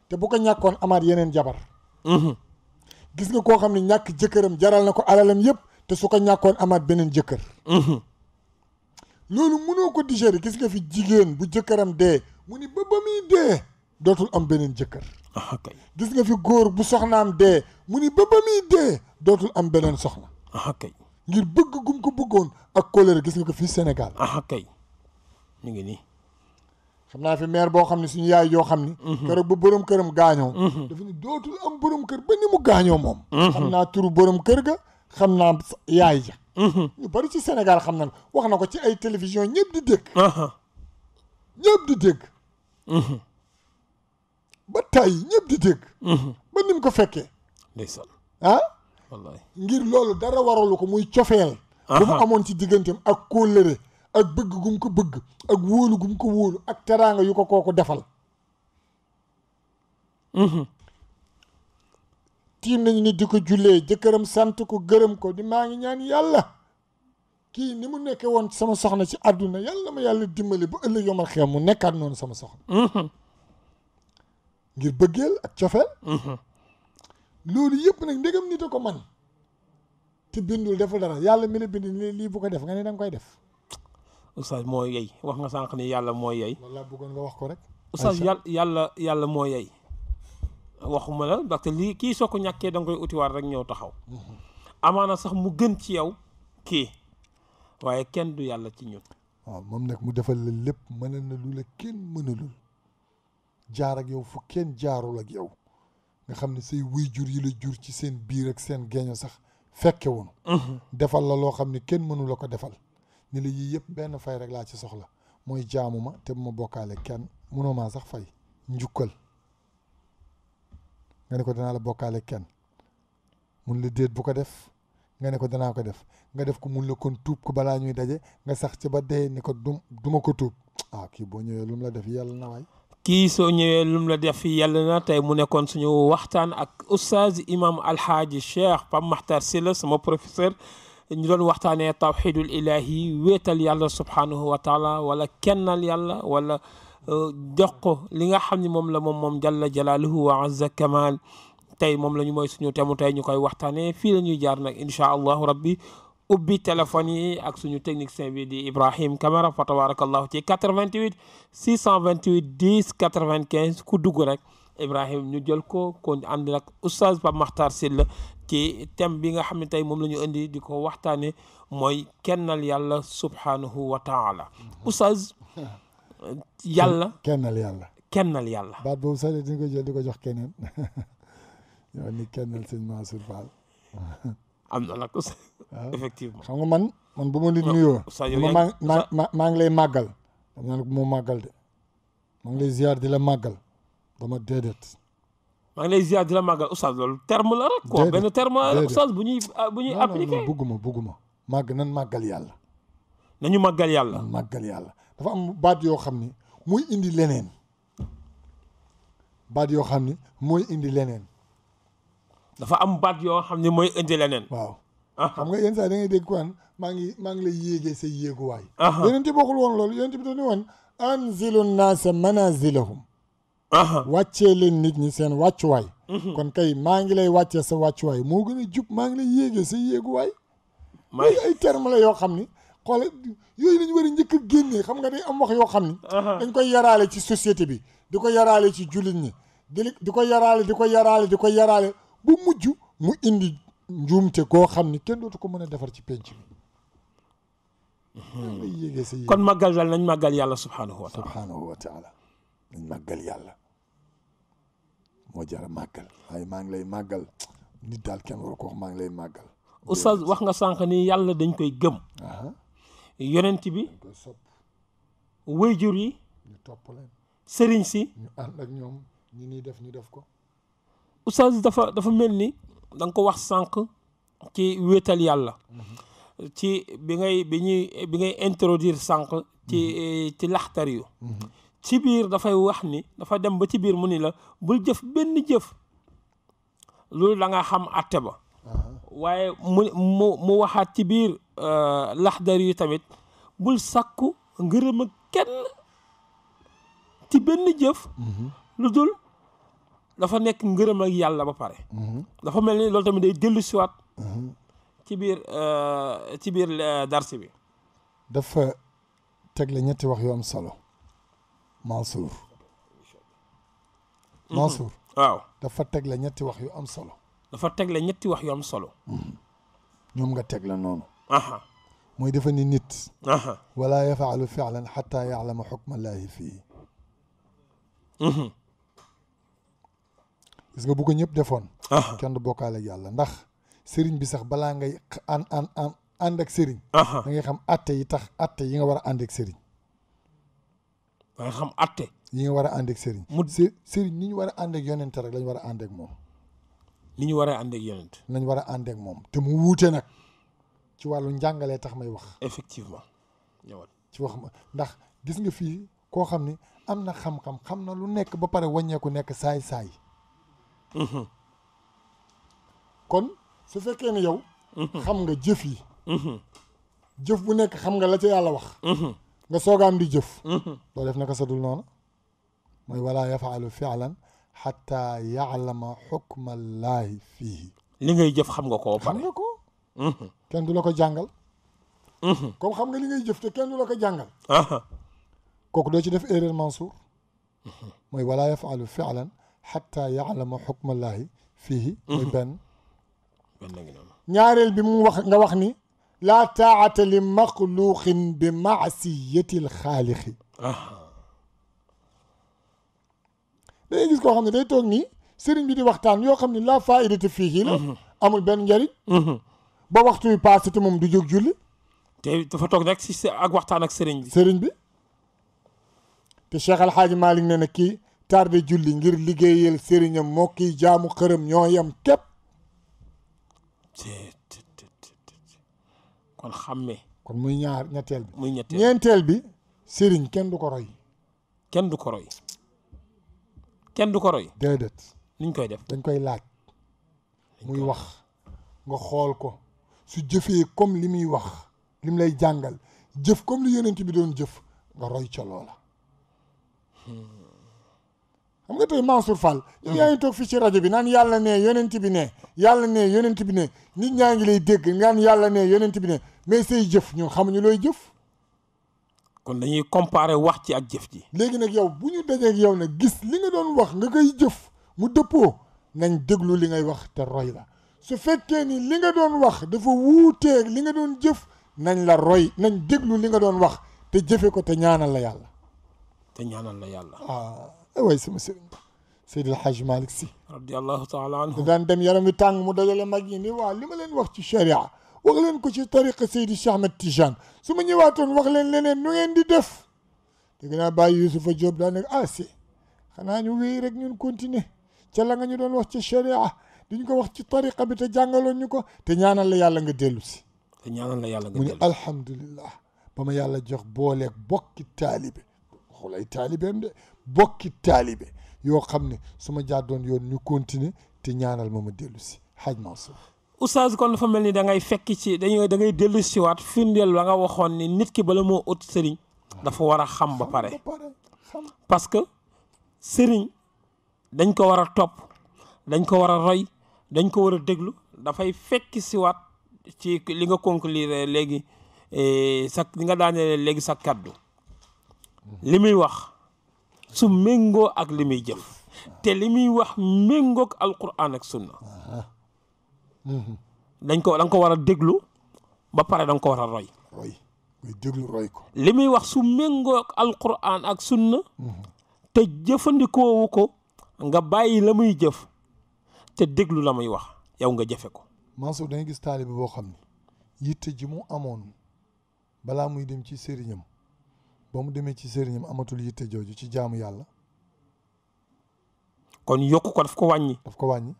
te bu ko ñàkkoon amaat yeneen jabar gis nga koo xam ne ñàkk jëkkëram jaral na ko alalam yëpp te su ko ñàkkoon amaat beneen jëkkër loolu mënoo ko digérer gis nga fi jigéen bu jëkkëram dee mu ni ba ba dee dootul am beneen jëkkër gis nga fi góor bu soxnaam dee mu ni ba ba dee dootul am beneen soxna ngir bëgg gum ko bëggoon ak colère gis nga ko fii Sénégal kay ñu ngi ni xam naa fi maire boo xam ne suñu yaay joo xam ni mhm. keroog ba borom këram gaañoo mhm. dafa ni dootul am borom kër ba ni mu gaañoo moom mhm. xam naa turu borom kër ga xam naa yaay ja Mm-hmm. ñu bari ci senegal xam nañ wax na ko ci ay télévision ñëpp di dégg. Uh-huh. ñëpp di dégg. Mm-hmm. ba tey ñëpp di dégg. Mm-hmm. ba ni ko fekkee. ndeysaan ah. ngir loolu dara waralu ko muy cofeel. Uh-huh. bu mu amoon ci digganteem ak kóllëre ak bëgg gum ko bëgg ak wóolu gum ko wóolu ak teraanga yu ko kooku defal. tiim nañu nit di ko jullee jëkkëram sant ko gërëm ko di maa ngi ñaan yàlla kii ni mu nekkee woon sama soxna ci àdduna yàlla ma yàlla dimbali ba ëllëg yomal xew mu nekkaat noonu sama soxna mm-hmm. ngir bëggeel ak cofeel mm-hmm. loolu yëpp nag ndegam nit a ko man te bindul deful dara yàlla mi la bind lii bu ko def nga ne danga koy def oustaz moo yey wax nga sànq ni yàlla moo yey walla bëggoon nga wax ko rek oustaz yàlla yàlla yàlla moo yey waxuma la parce que lii kii soo ko ñàkkee danga nga koy utiwaat rek ñoo taxaw amaana sax mu gën ci yow kii waaye kenn du yàlla ci ñun waaw moom nag mu defal la lépp mën na lu la kenn mënalul jaar ak yow fu kenn ak yow nga xam ne say waajur yi la jur ci seen biir seen geeño sax fekke woon mhm. defal la loo xam ne kenn mënu ko defal ni la yii yëpp benn fay rek laa ci soxla mooy jaamuma te bu ma bokkaale kenn mënoo maa sax fay njukkal nga ne ko dana la bokale ken mun le déet bu ko def nga ne ko dana ko def nga def ko mun le kon tuub ko bala ñuy daje nga sax ci ba de ni ko dum duma ko tuub ah ki bo ñewé lum la def yàlla na way ki so ñewé lum la def yàlla na tay mu nekkoon suñu waxtaan ak oustaz imam alhaaji cheikh pam mahtar Sylla sama professeur ñu doon waxtaanee tawxidul ilahi wetal yàlla subhanahu wa taala wala kennal yàlla wala jox li nga xam ni la moom moom jalla jalaaluhu wa azza kamal tey moom la ñu suñu temu tey ñu koy waxtaanee fii jaar nag incha allahu rabbi ubbi téléphone ak suñu technicien bi di Ibrahim Camara fa tabarakallahu ci 88 628 10 95 ku dugg rek Ibrahim ñu jël ko ko ànd nak oustaz ba Makhtar sil ci tem bi nga xamni tay mom lañu andi diko waxtane moy kennal yàlla subhanahu wa taala oustaz yàlla kennal yàlla kennal yàlla baat boobu sax dañ di ko jox keneen *laughs* yow ni kennal sëñ Mansour Fall *laughs* am na ah. man man bu ma nit nuyoo ma maa maa ngi lay màggal dama naan de maa ngi lay ziar di la màggal dama déedéet maa ngi lay ziar di la màggal oustaz loolu terme la rek quoi benn terme rek oustaz bu ñuy ah, bu ñuy appliqué bugguma bugguma màgg nan màggal yàlla nañu màggal yàlla nan màggal yàlla dafa am baat yoo xam ni muy indi leneen baat yoo xam ni mooy indi leneen. dafa am baat yoo xam ni mooy indi leneen. waaw xam nga yenn saa da ngay ko maa ngi maa ngi lay yéegee sa yéeguwaay. yeneen ti bokkul woon loolu yeneen ti bi dañu woon anzilu naasa manazilahum wàccee leen nit ñi seen wàccuwaay. Mhm. kon kay maa ngi lay wàccee sa wàccuwaay moo gën a jub maa ngi lay yéegee sa yéeguwaay. maa ay terme yoo xam ni. xoola yooyu lañu war a xam nga day am wax yoo xam ni dañ koy yaraale ci société bi di ko yaraale ci jullit ñi di di ko yaraale di ko yaraale di ko yaraale bu mujj mu indi njuumte goo xam ni kenn dootu ko mën a defar ci penc bi mhm. kon màggal yàlla nañ màggal yàlla subhaanahu wa taala subhaanahu wa taala nañ màggal yàlla moo jara màggal waaye maa ngi lay màggal nit daal kenn waru ko wax maa ngi lay màggal oustaz wax nga sànq ni yàlla dañ koy gëm yonent bi wayjur yi topp leen sëriñ si ñu ak ñoom ñi def ñu def ko oustaz dafa dafa mel ni danga ko wax sànq ci wéetal yàlla mm-hmm. ci bi ngay bi bi ngay introduire sànq ci mm-hmm. ci laxtar yu mm-hmm. ci biir dafay wax ni dafa dem ba ci biir mu ni la bul jëf benn jëf loolu danga xam àtte ba waaye mu mu waxaat ci lax euh, laxdar yu tamit bul sàkku ngërëm ak kenn ci benn jëf mhm. lu dul dafa nekk ngërëm ak yàlla ba pare mhm. dafa mel ni loolu tamit day dellu siwaat mhm. ci biir euh, ci biir euh, darsi bi dafa tegle ñetti wax yu am solo Mansour dafa tegle ñetti wax yu am solo dafa tegle ñetti wax yu am solo ñoom nga tegle noonu mooy dafa ni nit wala yafaalu fi'lan xata yaalama xukma laahi fii gis nga bu ko ñëpp defoon kenn du bokkaale ak yàlla ndax sëriñ bi sax balaa ngay an an an ànd ak sëriñ da ngay xam atte yi tax atte yi nga war a ànd ak sëriñ da nga xam atte yi nga war a ànd ak sëriñ mu sëriñ ni ñu war a ànd ak yonente rek lañ war a ànd ak moom ni ñu war a ànd ak yonente nañ war a ànd ak moom te mu wuute nag ci wàllu tax may wax. effectivement ñëwal. ci wax ndax gis nga fii koo xam ni am na xam-xam xam na lu nekk ba pare wàññeeku nekk saay-saay. kon su fekkee ni yow. xam nga jëf yi. jëf bu nekk xam nga la ca yàlla wax. nga di jëf. doo def naka sa dul noonu. mooy wala yafaalu fi'lan xataa yaalama xukma llaahi fiihi. li ngay jëf xam nga xam nga kenn du la ko jàngal comme xam nga li ngay jëf te kenn du la ko jàngal kooku doo ci def erreur Mansour mooy walaa yafaalu filan xatta yaalama xukmallaahi fiihi mooy benn ñaareel bi mu wax nga wax ni laa taata li maxluqin bi maasiyati lxaaliqi dañuy gis koo xam ne day toog nii sëriñ bi di waxtaan yoo xam ne laa faidata fiihi la amul benn njariñ ba waxtu wi paasati moom du jóg julli. te dafa toog rek si ak waxtaan ak sëriñ bi. sëriñ bi te Cheikh Al Hadj Malick ne ki kii tardé julli ngir liggéeyal sëriñam moo kii jaamu xërëm ñoo yam képp. kon xàmme. kon muy ñaar ñetteel bi. muy ñetteel ñeenteel bi sëriñ kenn du ko roy. kenn du ko roy. du ko roy. déedéet. niñ koy def dañ koy laaj. muy wax nga xool ko. su jëfee comme li muy wax li mu lay jàngal jëf comme li yonent bi doon jëf nga roy ca loola xam nga tey Mansour Fall yow yaa ngi toog fii ci rajo bi naan yàlla ne yonent bi ne yàlla ne yonent bi ne nit ñaa ngi lay dégg naan yàlla ne yonent bi ne mais say jëf ñun ñu looy jëf kon dañuy comparer wax ci ak jëf ji léegi nag yow bu ñu dajeek yow nag gis li nga doon wax nga koy jëf mu dëppoo nañ déglu li ngay wax te roy la su fekkee ni li nga doon wax dafa wuuteeg li nga doon jëf nañ la roy nañ déglu li nga doon wax te jëfe ko te ñaanal la yàlla te ñaanal la yàlla waaw ah, eh waay sama sëriñ ba Seydi El Hadj Malick Sy radiallahu taala anhu dem yaram wi tàng mu dajale mag yi ni waa li ma leen wax ci sharia wax leen ko ci tariqa Seydi Cheikh Ahmed Tijane su ma ñëwaatoon wax leen leneen nu di def dégg naa bàyyi Youssoufa Diop daa nekk ah si xanaa ñu wéy rek ñun continuer ca la nga ñu doon wax ci sharia duñ ko wax ci tariqa bi te jàngaloon ñu ko te ñaanal la yàlla nga dellusi ñaanal la yàlla nga mu ni alhamdulillah ba ma yàlla jox booleeg bokki taalibe xulay taalibeem de bokki taalibe yoo xam ne su ma doon yoon ñu continuer te ñaanal ma ma dellu si xaaj Mansour oustaz kon dafa mel ni da ngay fekk ci dañuy da ngay dellu si waat firndeel la nga waxoon ni nit ki bala moo ut sëriñ dafa war a xam ba pare parce que sëriñ dañ ko war a topp dañ ko war a roy dañ ko war a déglu dafay fekk siwaat ci li nga conclure léegi eh, sa li nga daanee léegi sa kaddu li muy wax su méngoo ak li muy jëf te li muy wax méngoog alquran ak sunna dañ ko ko war a déglu ba pare da ko war a roy ko li muy wax su méngoog alquran ak sunna te jëfandikoowu ko nga bàyyi la muy jëf te déglu la muy wax yow nga jafe ko. Mansour da nga gis taalibe boo xam ne yitte ji mu amoon balaa muy dem ci sëriñam ba mu demee ci sëriñam amatul yitte jooju ci jaamu yàlla. kon yokk ko daf ko wàññi. daf ko wàññi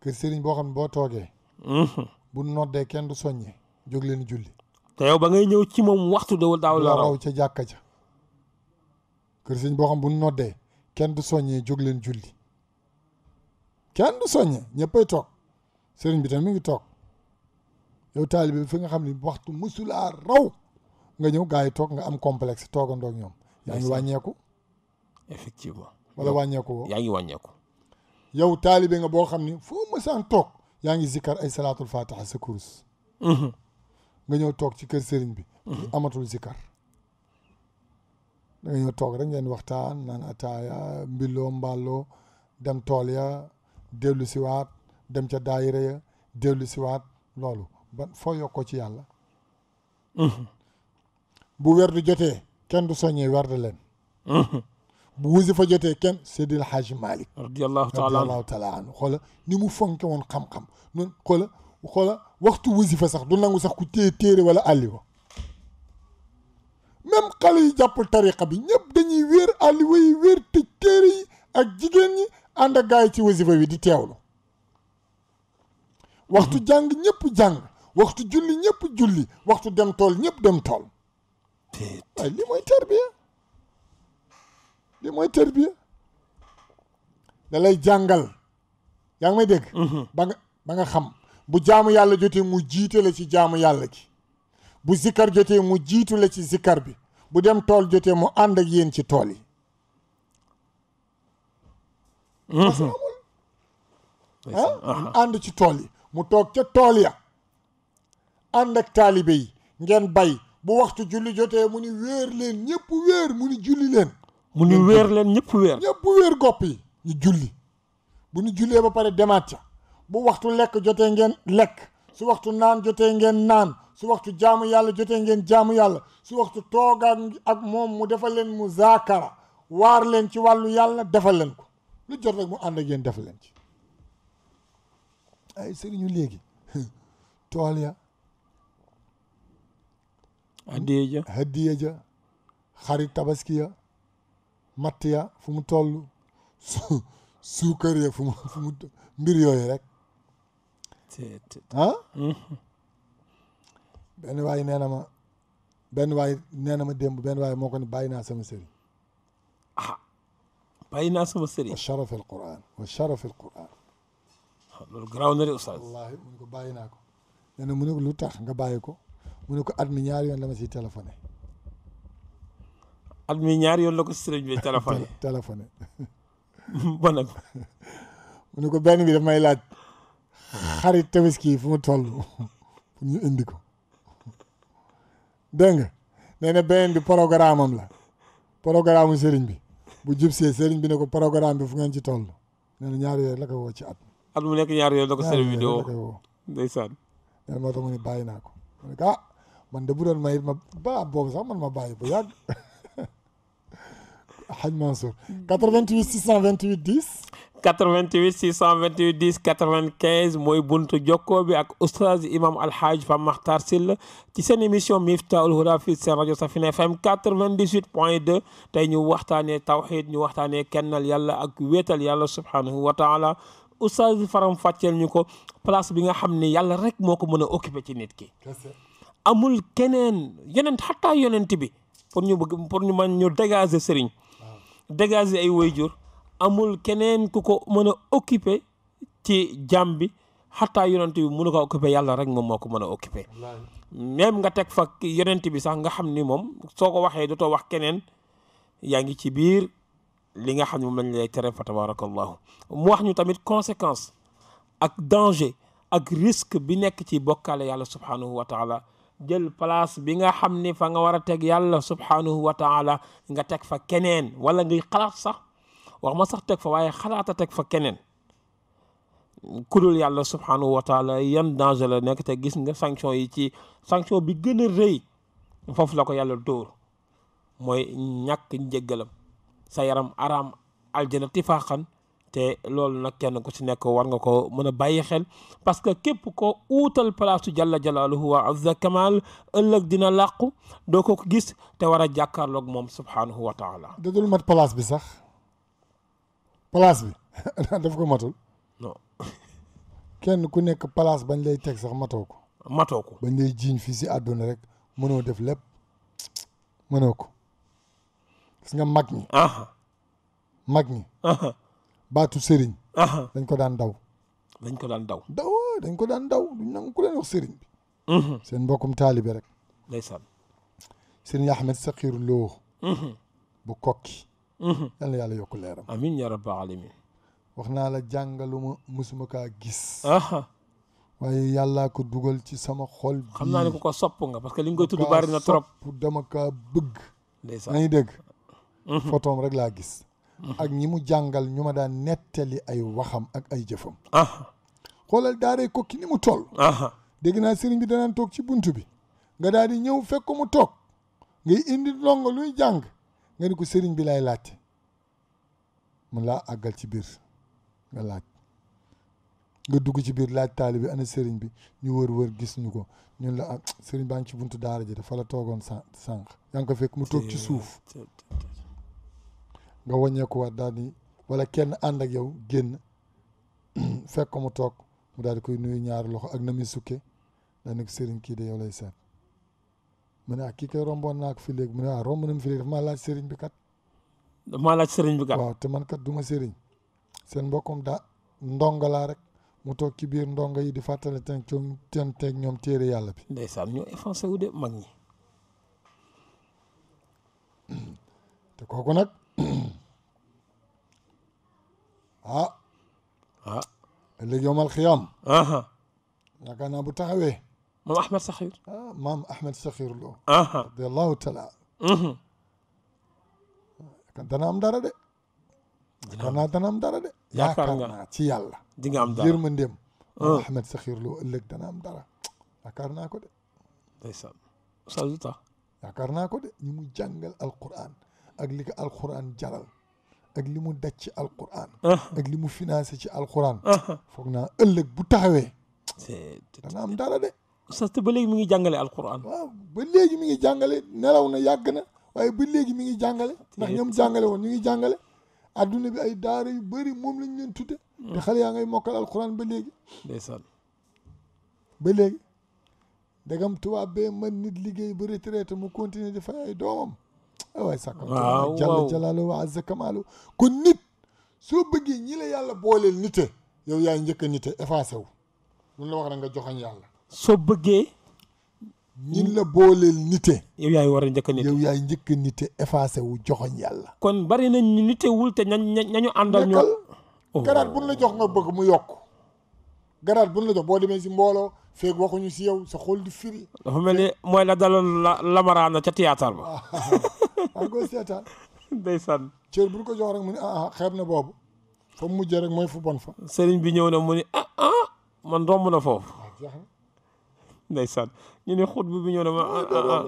kër sëriñ boo xam ne boo toogee. Mhm. bu noddee kenn du soññee jóg leen julli. te yow ba ngay ñëw ci moom waxtu dawul daaw la raw ca jàkka ja kër sëriñ boo xam bu noddee. kenn du soññee jóg leen julli kenn du soññe ñëppay toog sëriñ bi tamit mi ngi toog yow taalibe bi fi nga xam ne waxtu musulaa raw nga ñëw gars yi toog nga am complexe toogandoo ak ñoom. yaa ngi wàññeeku. effectivement wala wàññeeku woo. yaa wàññeeku. yow taalibe nga boo xam ni foo mësaan toog yaa ngi zikkar ay salaatul fatiha sa kurus. Mhm. nga ñëw toog ci kër sëriñ bi. Mhm. amatul zikkar. da nga ñëw toog rek ngeen waxtaan naan ataaya mbilloo mbàlloo dem tool ya dellu siwaat dem ca daayira ya dellu siwaat loolu ba foo yokkoo ci yàlla mm-hmm. bu werdu jotee kenn du soññee werdu leen mm-hmm. bu wusi fa jotee kenn Seydil Hadj Malick radiallahu taala radiallahu taala anhu xoola ni mu fonke woon xam-xam noonu xoola xoola waxtu wusi fa sax du nangu sax ku téye téere wala àlli wa même xale yi jàppul tariqa bi ñëpp dañuy wéer àlliwa yi wéer tëj téere yi ak jigéen ñi ànd ak gaay ci wasifa bi di teewlu waxtu mhm. jàng ñëpp jàng waxtu julli ñëpp julli waxtu dem tool ñëpp dem tool waaye lii mooy tarbiya lii mooy tarbiya da lay jàngal yaa ngi may dégg mhm. ba nga ba nga xam bu jaamu yàlla jotee mu jiite la ci jaamu yàlla gi bu zikkar jotee mu jiitu la ci zikkar bi bu dem tool jotee mu ànd ak yéen ci tool yi mhm. ah, mu ànd ci tool yi mu toog ca tool ya ànd ak taalibe yi ngeen bay bu waxtu julli jotee mu ni wéer leen ñëpp wéer mu ni julli leen mu ni wéer leen ñëpp weer ñëpp wéer gopp yi ñu julli bu ñu jullee ba pare demaat ca bu waxtu lekk jotee ngeen lekk su waxtu naan jotee ngeen naan su waxtu jaamu yàlla jotee ngeen jaamu yàlla su waxtu toogaat ak moom mu defal leen mu zaakara waar leen ci wàllu yàlla defal leen ko lu jot rek mu ànd ak yéen defal leen ci ay sëriñu léegi *laughs* tool ya hadiya ja hadiya ja xarit tabaski ya matt ya fu mu toll *laughs* suukar ya fu mu fu mu mbir yooyu rek ah benn waay nee na ma benn waay nee na ma démb benn waay moo ko ne bàyyi naa sama sëriñ ah bàyyi naa sama sëriñ wa sharaf al quran wa sharaf al quran ah, loolu garaaw na de oustaz wallaahi mu ne ko bàyyi naa ko nee na mu ne ko lu tax nga bàyyi ko mu ne ko at mi ñaari yoon la ma siy téléphoné at mi ñaari yoon la ko sëriñ bi téléphoné téléphoné *laughs* bon nag *laughs* mu ne ko benn bi daf may laaj xarit tabaski fu mu toll pour *laughs* ñu indi ko dégg nga nee na beneen bi programme la programme mu sëriñ bi bu jub see sëriñ bi ne ko programme bi fu ngeen ci toll nee na ñaari yooyu la ko woo ci at. at mu nekk ñaari yooyu la ko sëriñ bi di woo ndeysaan. moo tax mu ne bàyyi naa ko mu ah, man de bu doon may ma balaa boobu sax man ma bàyyi bu yàgg. *laughs* Hadj Mansour 88 628 10. 88 628 10 95 mooy buntu jokkoo bi ak ustaz imam alhaaj Fam Makhtar Sylla ci seen émission Miftahul Huda fii seen rajo Safina FM 98 point 2 ñu waxtaanee tawxid ñu waxtaanee kennal yàlla ak wéetal yàlla subhanahu wa taala oustaz faram fàcceel ñuko ko place bi nga xam yàlla rek moo ko mën ci nit ki amul keneen yeneen xataa yonent bi pour ñu bëgg pour ñu mën ñu dégager sëriñ dégager ay wayjur amul keneen ku ko mën a occuper ci jàmm bi xataa yonent bi mënu ko occuper yàlla rek moom moo ko mën a occuper même nga teg fa yonent bi sax nga xam ni moom soo ko waxee dootoo wax keneen yaa ngi ci biir li nga xam ne moom lañ lay tere fa tabarakallahu mu wax ñu tamit conséquence ak danger ak risque bi nekk ci bokkaale yàlla subhanahu wa taala jël place bi nga xam ni fa nga war a teg yàlla subhanahu wa taala nga teg fa keneen wala ngay xalaat sax wax ma sax teg fa waaye xalaata teg fa keneen kudul yàlla subhanahu wa taala yan danger la nekk te gis nga sanction yi ci sanction bi gën a rëy foofu la ko yàlla dóor mooy ñàkk njëggalam sa yaram araam aljana tifaaxan te loolu nag kenn ku ci nekk war nga ko mën a bàyyi xel parce que képp ko uutal palaasu jalla jalaaluhu wa azza kamal ëllëg dina làqu doo ko gis te war a jàkkaarloog moom subhanahu wa taala. dadul mat palaas bi sax. place bi *laughs* daf ko matul. kenn ku nekk place bañ lay teg sax matoo ko. matoo ko bañ lay jiiñ fii si àdduna rek mënoo def lépp mënoo ko gis nga mag ñi. mag ñi. baatu sëriñ. dañ ko daan daw. dañ ko daan daw. daw dañ ko daan daw duñ nangu ku leen wax sëriñ bi. Mhm. seen mbokkum taalibe rek. ndeysaan. sëriñ Ahmed Sakhir Lo. Mhm. bu kokki Mhm. yal na yàlla yokk leeram amiin yaa rabbal wax naa la jàngaluma musuma kaa gis waaye yàllaa ko dugal ci sama xol bi xam naa ne ku ko sopp nga parce que li nga koy tudd bari na trop dama ka bëgg ndeysaan nañu dégg mhm. photoom rek laa gis mhm. ak ñi mu jàngal ñu ma daan nettali ay waxam ak ay jëfam xoolal daaree kokki ni mu toll dégg naa sëriñ bi danaan toog ci bunt bi nga daal di ñëw fekk mu toog ngay indi ndongo luy jàng nga ni ko sëriñ bi laay laaj mun laa àggal ci biir nga laaj nga dugg ci biir laaj taali bi ana sëriñ bi ñu wër wër gis ñu ko ñun la ak ah, sëriñ baa ngi ci bunt daara ji dafa la toogoon sànq yaa ngi ko fekk mu toog ci suuf nga wàññeeku waat wala kenn ànd ak yow génn *clears throat* fekk mu toog mu daal di koy nuyu ñaari loxo ak na muy sukke sëriñ kii de yow lay seet mu ne ah kii kay romboon naa ko fi léegi mu ne ah romb nañu fi léegi dafa maa laaj sëriñ bi kat. dafa maa laaj sëriñ bi kat. waaw te man kat du sëriñ seen mbokkum daa ndonga laa rek mu toog ci biir ndonga yi di fàttali teg ñoom ten teg ñoom téere yàlla bi. ndeysaan ñoo effacé wu de te kooku nag *clears throat* ah. ah. léegi yomal xiyaam. yaakaar naa bu taxawee. مو احمد سخير اه مام احمد سخير لو اها رضي الله تعالى اها كان دنا ام دارا دي كان دنا ام دارا دي يا كان تي يلا ديغا ام دارا من ديم أه. احمد صخير له اللي دنا ام دارا ذكرنا كود ديسان سالتا ذكرنا كود ني مو جانغال القران اك أه. ليك القران جارال أه. اك لي مو داتي القران اك لي مو فينانسي القران فوقنا اللي بو تاوي سي دنا ام دارا دي oustaz te ba léegi mu ngi jàngale alquran waaw ba léegi mi ngi jàngale nelaw na yàgg na waaye ba léegi mi ngi jàngale ndax ñoom jàngale woon ñu ngi jàngale adduna bi ay daara yu bëri moom lañ leen tudde te xale yaa ngay mokkal alquran ba léegi ndeysaan ba léegi dagam tubaab bee man nit liggéey ba retraité mu continuer di fay ay doomam awaay sàkkam jàll jalaalo wa azza kamaalo kon nit soo bëggee ñi la yàlla booleel nite yow yaa njëkk a nite effacé wu lunu la wax na nga joxañ yàlla soo bëggee. ñin la booleel nite. yow yaay war a njëkk a nite njëkk a nite wu joxoñ yàlla. kon bari nañ ñu nite wul te ña ñañu àndal ñoo oh. garaat buñ la jox nga bëgg mu yokk garaat bu la jox boo demee si mbooloo feeg waxuñu si yow sa xol di firi. dafa mel ni mooy la daloon la lamaraana ca théâtre ba. waaw *laughs* koy seetaan. ndeysaan. cër buñ ko jox rek mu ne ah, ah na boobu. fa mu mujjee rek mooy sëriñ bi ñëw na mu ne ah ah man romb na foofu. Ah, ndeysaan ñu ne xutba bi ñëw dama ah, ah, ah,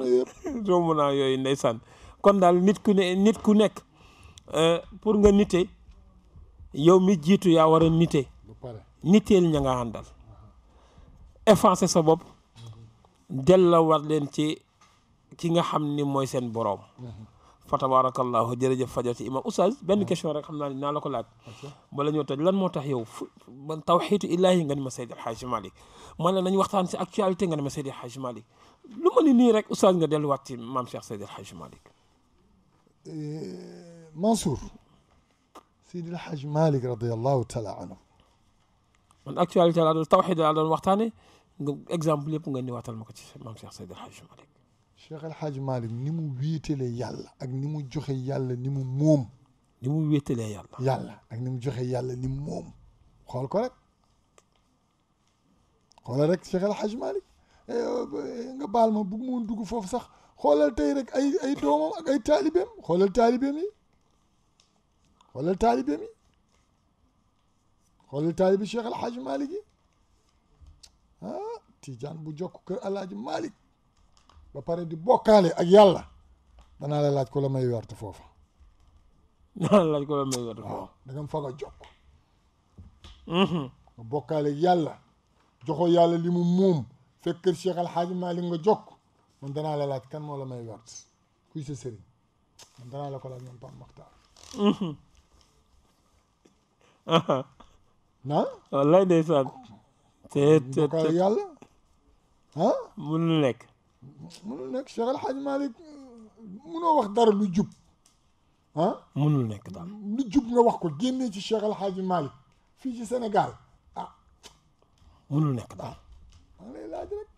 romb naa yooyu ndeysaan kon daal nit ku ne nit ku nekk euh, pour nga nite yow mi jiitu yaa war a nite niteel ña nga àndal effacer sa bopp mhm. delloo war leen ci ki nga xam ni mooy seen boroom mhm. فتبارك الله جرج فجرت إمام أستاذ بن كشوا رك حمنا نالك لا بل نيوت لن موتاه يو من توحيد إلهي عن مسجد الحاج مالك ما لنا نيوت عن سأكشال تين عن مسجد الحاج مالك لما نيني رك أستاذ عند الوقت ما مسجد مسجد الحاج مالك منصور سيد الحاج مالك رضي الله تعالى عنه من أكشال تين عن التوحيد على الوقت example إكزامبل يبغى نيوت عن مسجد مسجد الحاج مالك Cheikh El Hadj Malick ni mu wéetalee yàlla ak ni mu joxe yàlla ni mu moom. ni mu wéetalee yàlla. yàlla ak ni mu joxe yàlla ni mu moom xool ko rek xoolal rek Cheikh El Hadj Malick eh, eh, nga baal ma bëgg mu dugg foofu sax xoolal tey rek ay ay doomam ak ay taalibeem xoolal taalibeem yi xoolal taalibeem yi xoolal taalibe Cheikh El Hadj Malick yi ah Tijaan bu jokk kër El Hadj Malick. ba pare di bokkaale ak yàlla danaa la laaj ko la may wert foofa danaa la laaj ko la may wert foofa waaw da nga ko nga jokk mm-hmm. nga bokkaale yàlla li mu muum fekk kër Cheikh danaa la laaj kenn moo la may wert kuy sa sëriñ man danaa la ko laaj man Pape Makhtar mm-hmm. *laughs* naa wallaay ndeysaan te te yàlla ah mënul nekk mënul nekk Cheikh El Hadj Malick mënoo wax dara lu jub ah. mënul nekk daal lu jub nga wax ko génnee ci Cheikh El Hadj Malick fii ci Sénégal ah. mënul nekk daal. maa ngi lay laaj rek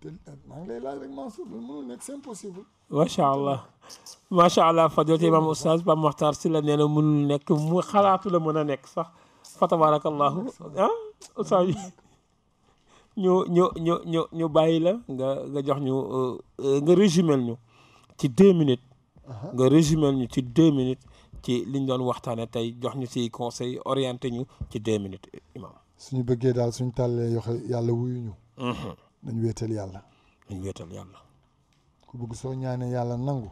te maa ngi lay laaj rek Mansour loolu mënul nekk c'est impossible. macha allah macha allah fadilat imam oustaz Pape Makhtar Sylla nee na mënul nekk mu xalaatu la mën a nekk sax fa tabarakallahu ah oustaz ñu ñu ñu ñu ñu bàyyi la nga nga jox ñu euh, euh, nga résumel ñu ci deux minutes nga résumel ñu ci deux minutes ci liñ doon waxtaane tey jox ñu siy conseil orienté ñu ci deux minutes imam suñu bëggee daal suñu tàllee yoxe yàlla wuyuñu ñu dañ wéetal yàlla dañ wéetal yàlla ku bëgg soo ñaanee yàlla nangu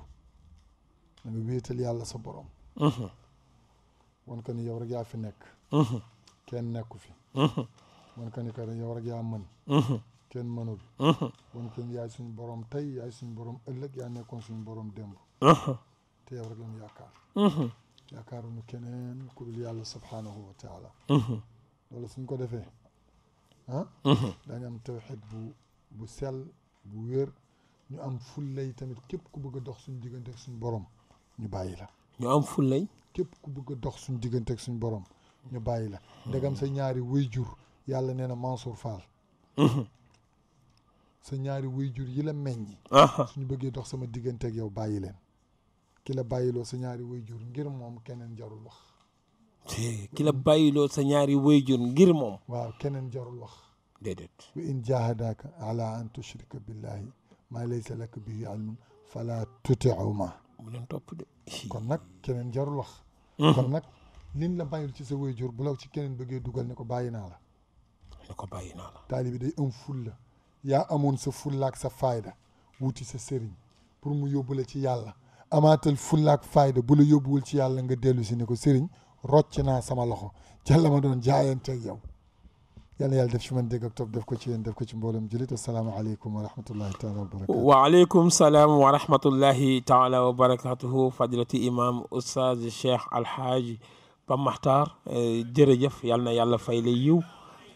da wéetal yàlla sa borom wan ko rek yaa fi nekk kenn nekku fi wan ko ni ko yow rek yaa mën kenn mënul wan ko ni yaay suñu borom tey yaay suñu borom ëllëg yaa nekkoon suñu borom démb te yow rek lañu yaakaar yaakaaruñu keneen ku dul yàlla subhaanahu wa taala loolu ko defee ah daañu am tawxid bu bu sell bu wér ñu am fullay ku bëgg a dox suñu diggante ak suñu borom ñu bàyyi la ñu am fullay ku bëgg a dox suñu diggante ak suñu la sa ñaari wayjur yàlla nee na Mansour Fall sa ñaari wayjur yi la meññi suñu bëggee dox sama diggante ak yow bàyyi leen ki la bàyyiloo sa ñaari wayjur ngir moom keneen jarul wax ki la bàyyiloo sa ñaari wayjur ngir moom waaw keneen jarul wax déedéet wa in jahadaka ala an tushrika billahi ma laysa lak bihi ilmun fala tutiuma bu leen topp de kon nag keneen jarul wax kon nag lin la bàyyil ci sa wayjur bu la ci keneen bëggee dugal ne ko bàyyi naa la ko bàyyi naa la. taalibi day am fulla yaa amoon sa fullaak sa fayda wuti sa sëriñ pour mu yóbbu la ci yàlla amaatal fullaak fayda bu la yóbbuwul ci yàlla nga dellu si ne ko sëriñ rocc naa sama loxo ca la ma doon jaayanteeg yow. yàlla yàlla def ci man dégg ak def ko ci yéen def ko ci mboolem jullit asalaamaaleykum wa rahmatullahi taala wa barakatuh waaleykum salaam wa rahmatullahi taala wa barakatuhu fadilati imam oustaz cheikh alhaaji Pape Makhtar eh, jërëjëf yàlla na yàlla fay la yiw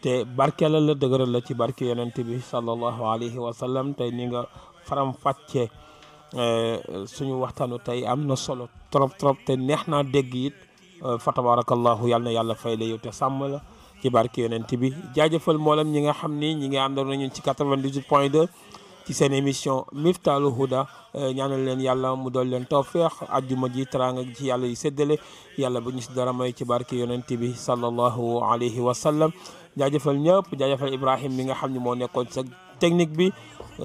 te barkeelal la dëgëral la ci barke yonent bi sallallahu alayhi wa sallam tey ni nga faram fàccee euh, suñu waxtaanu tey am na solo trop trop te neex naa dégg it euh, fa tabarakallahu yàlla na yàlla fay la yow te sàmm la ci barke yonent bi jaajëfal moolam ñi nga xam ni ñi ngi àndoon nañu ci 98 point 2 ci seen émission Miftaahul Huda euh, ñaanal leen yàlla mu dool leen tawféex ajjuma ji teraanga ji ci yàlla yi séddale yàlla bu ñu si dara may ci barke yonent bi sallallahu alayhi wa jaajëfal ñëpp jaajëfal Ibrahim mi nga xam ne moo nekkoon sa technique bi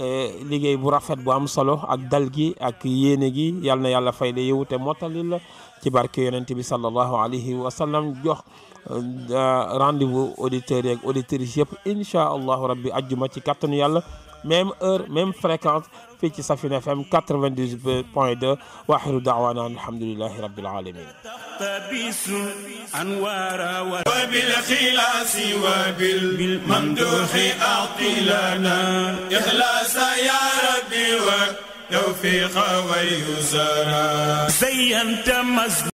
e, liggéey bu rafet bu am solo ak dal gi ak yéene gi yal na yàlla fay la yow te mottali la ci barke yonent bi sallallahu alayhi wa sallam jox e, rendez-vous auditeurs yeeg auditrices yëpp incha allahu rabbi ajjuma ci kattanu yàlla même heure même fréquence في صفنا فهم 92.2 واخر دعوانا الحمد لله رب العالمين وبالخلاص وبالممدوح اعطي لنا اخلاص يا ربي وتوفيق ويسرا زينت مسجد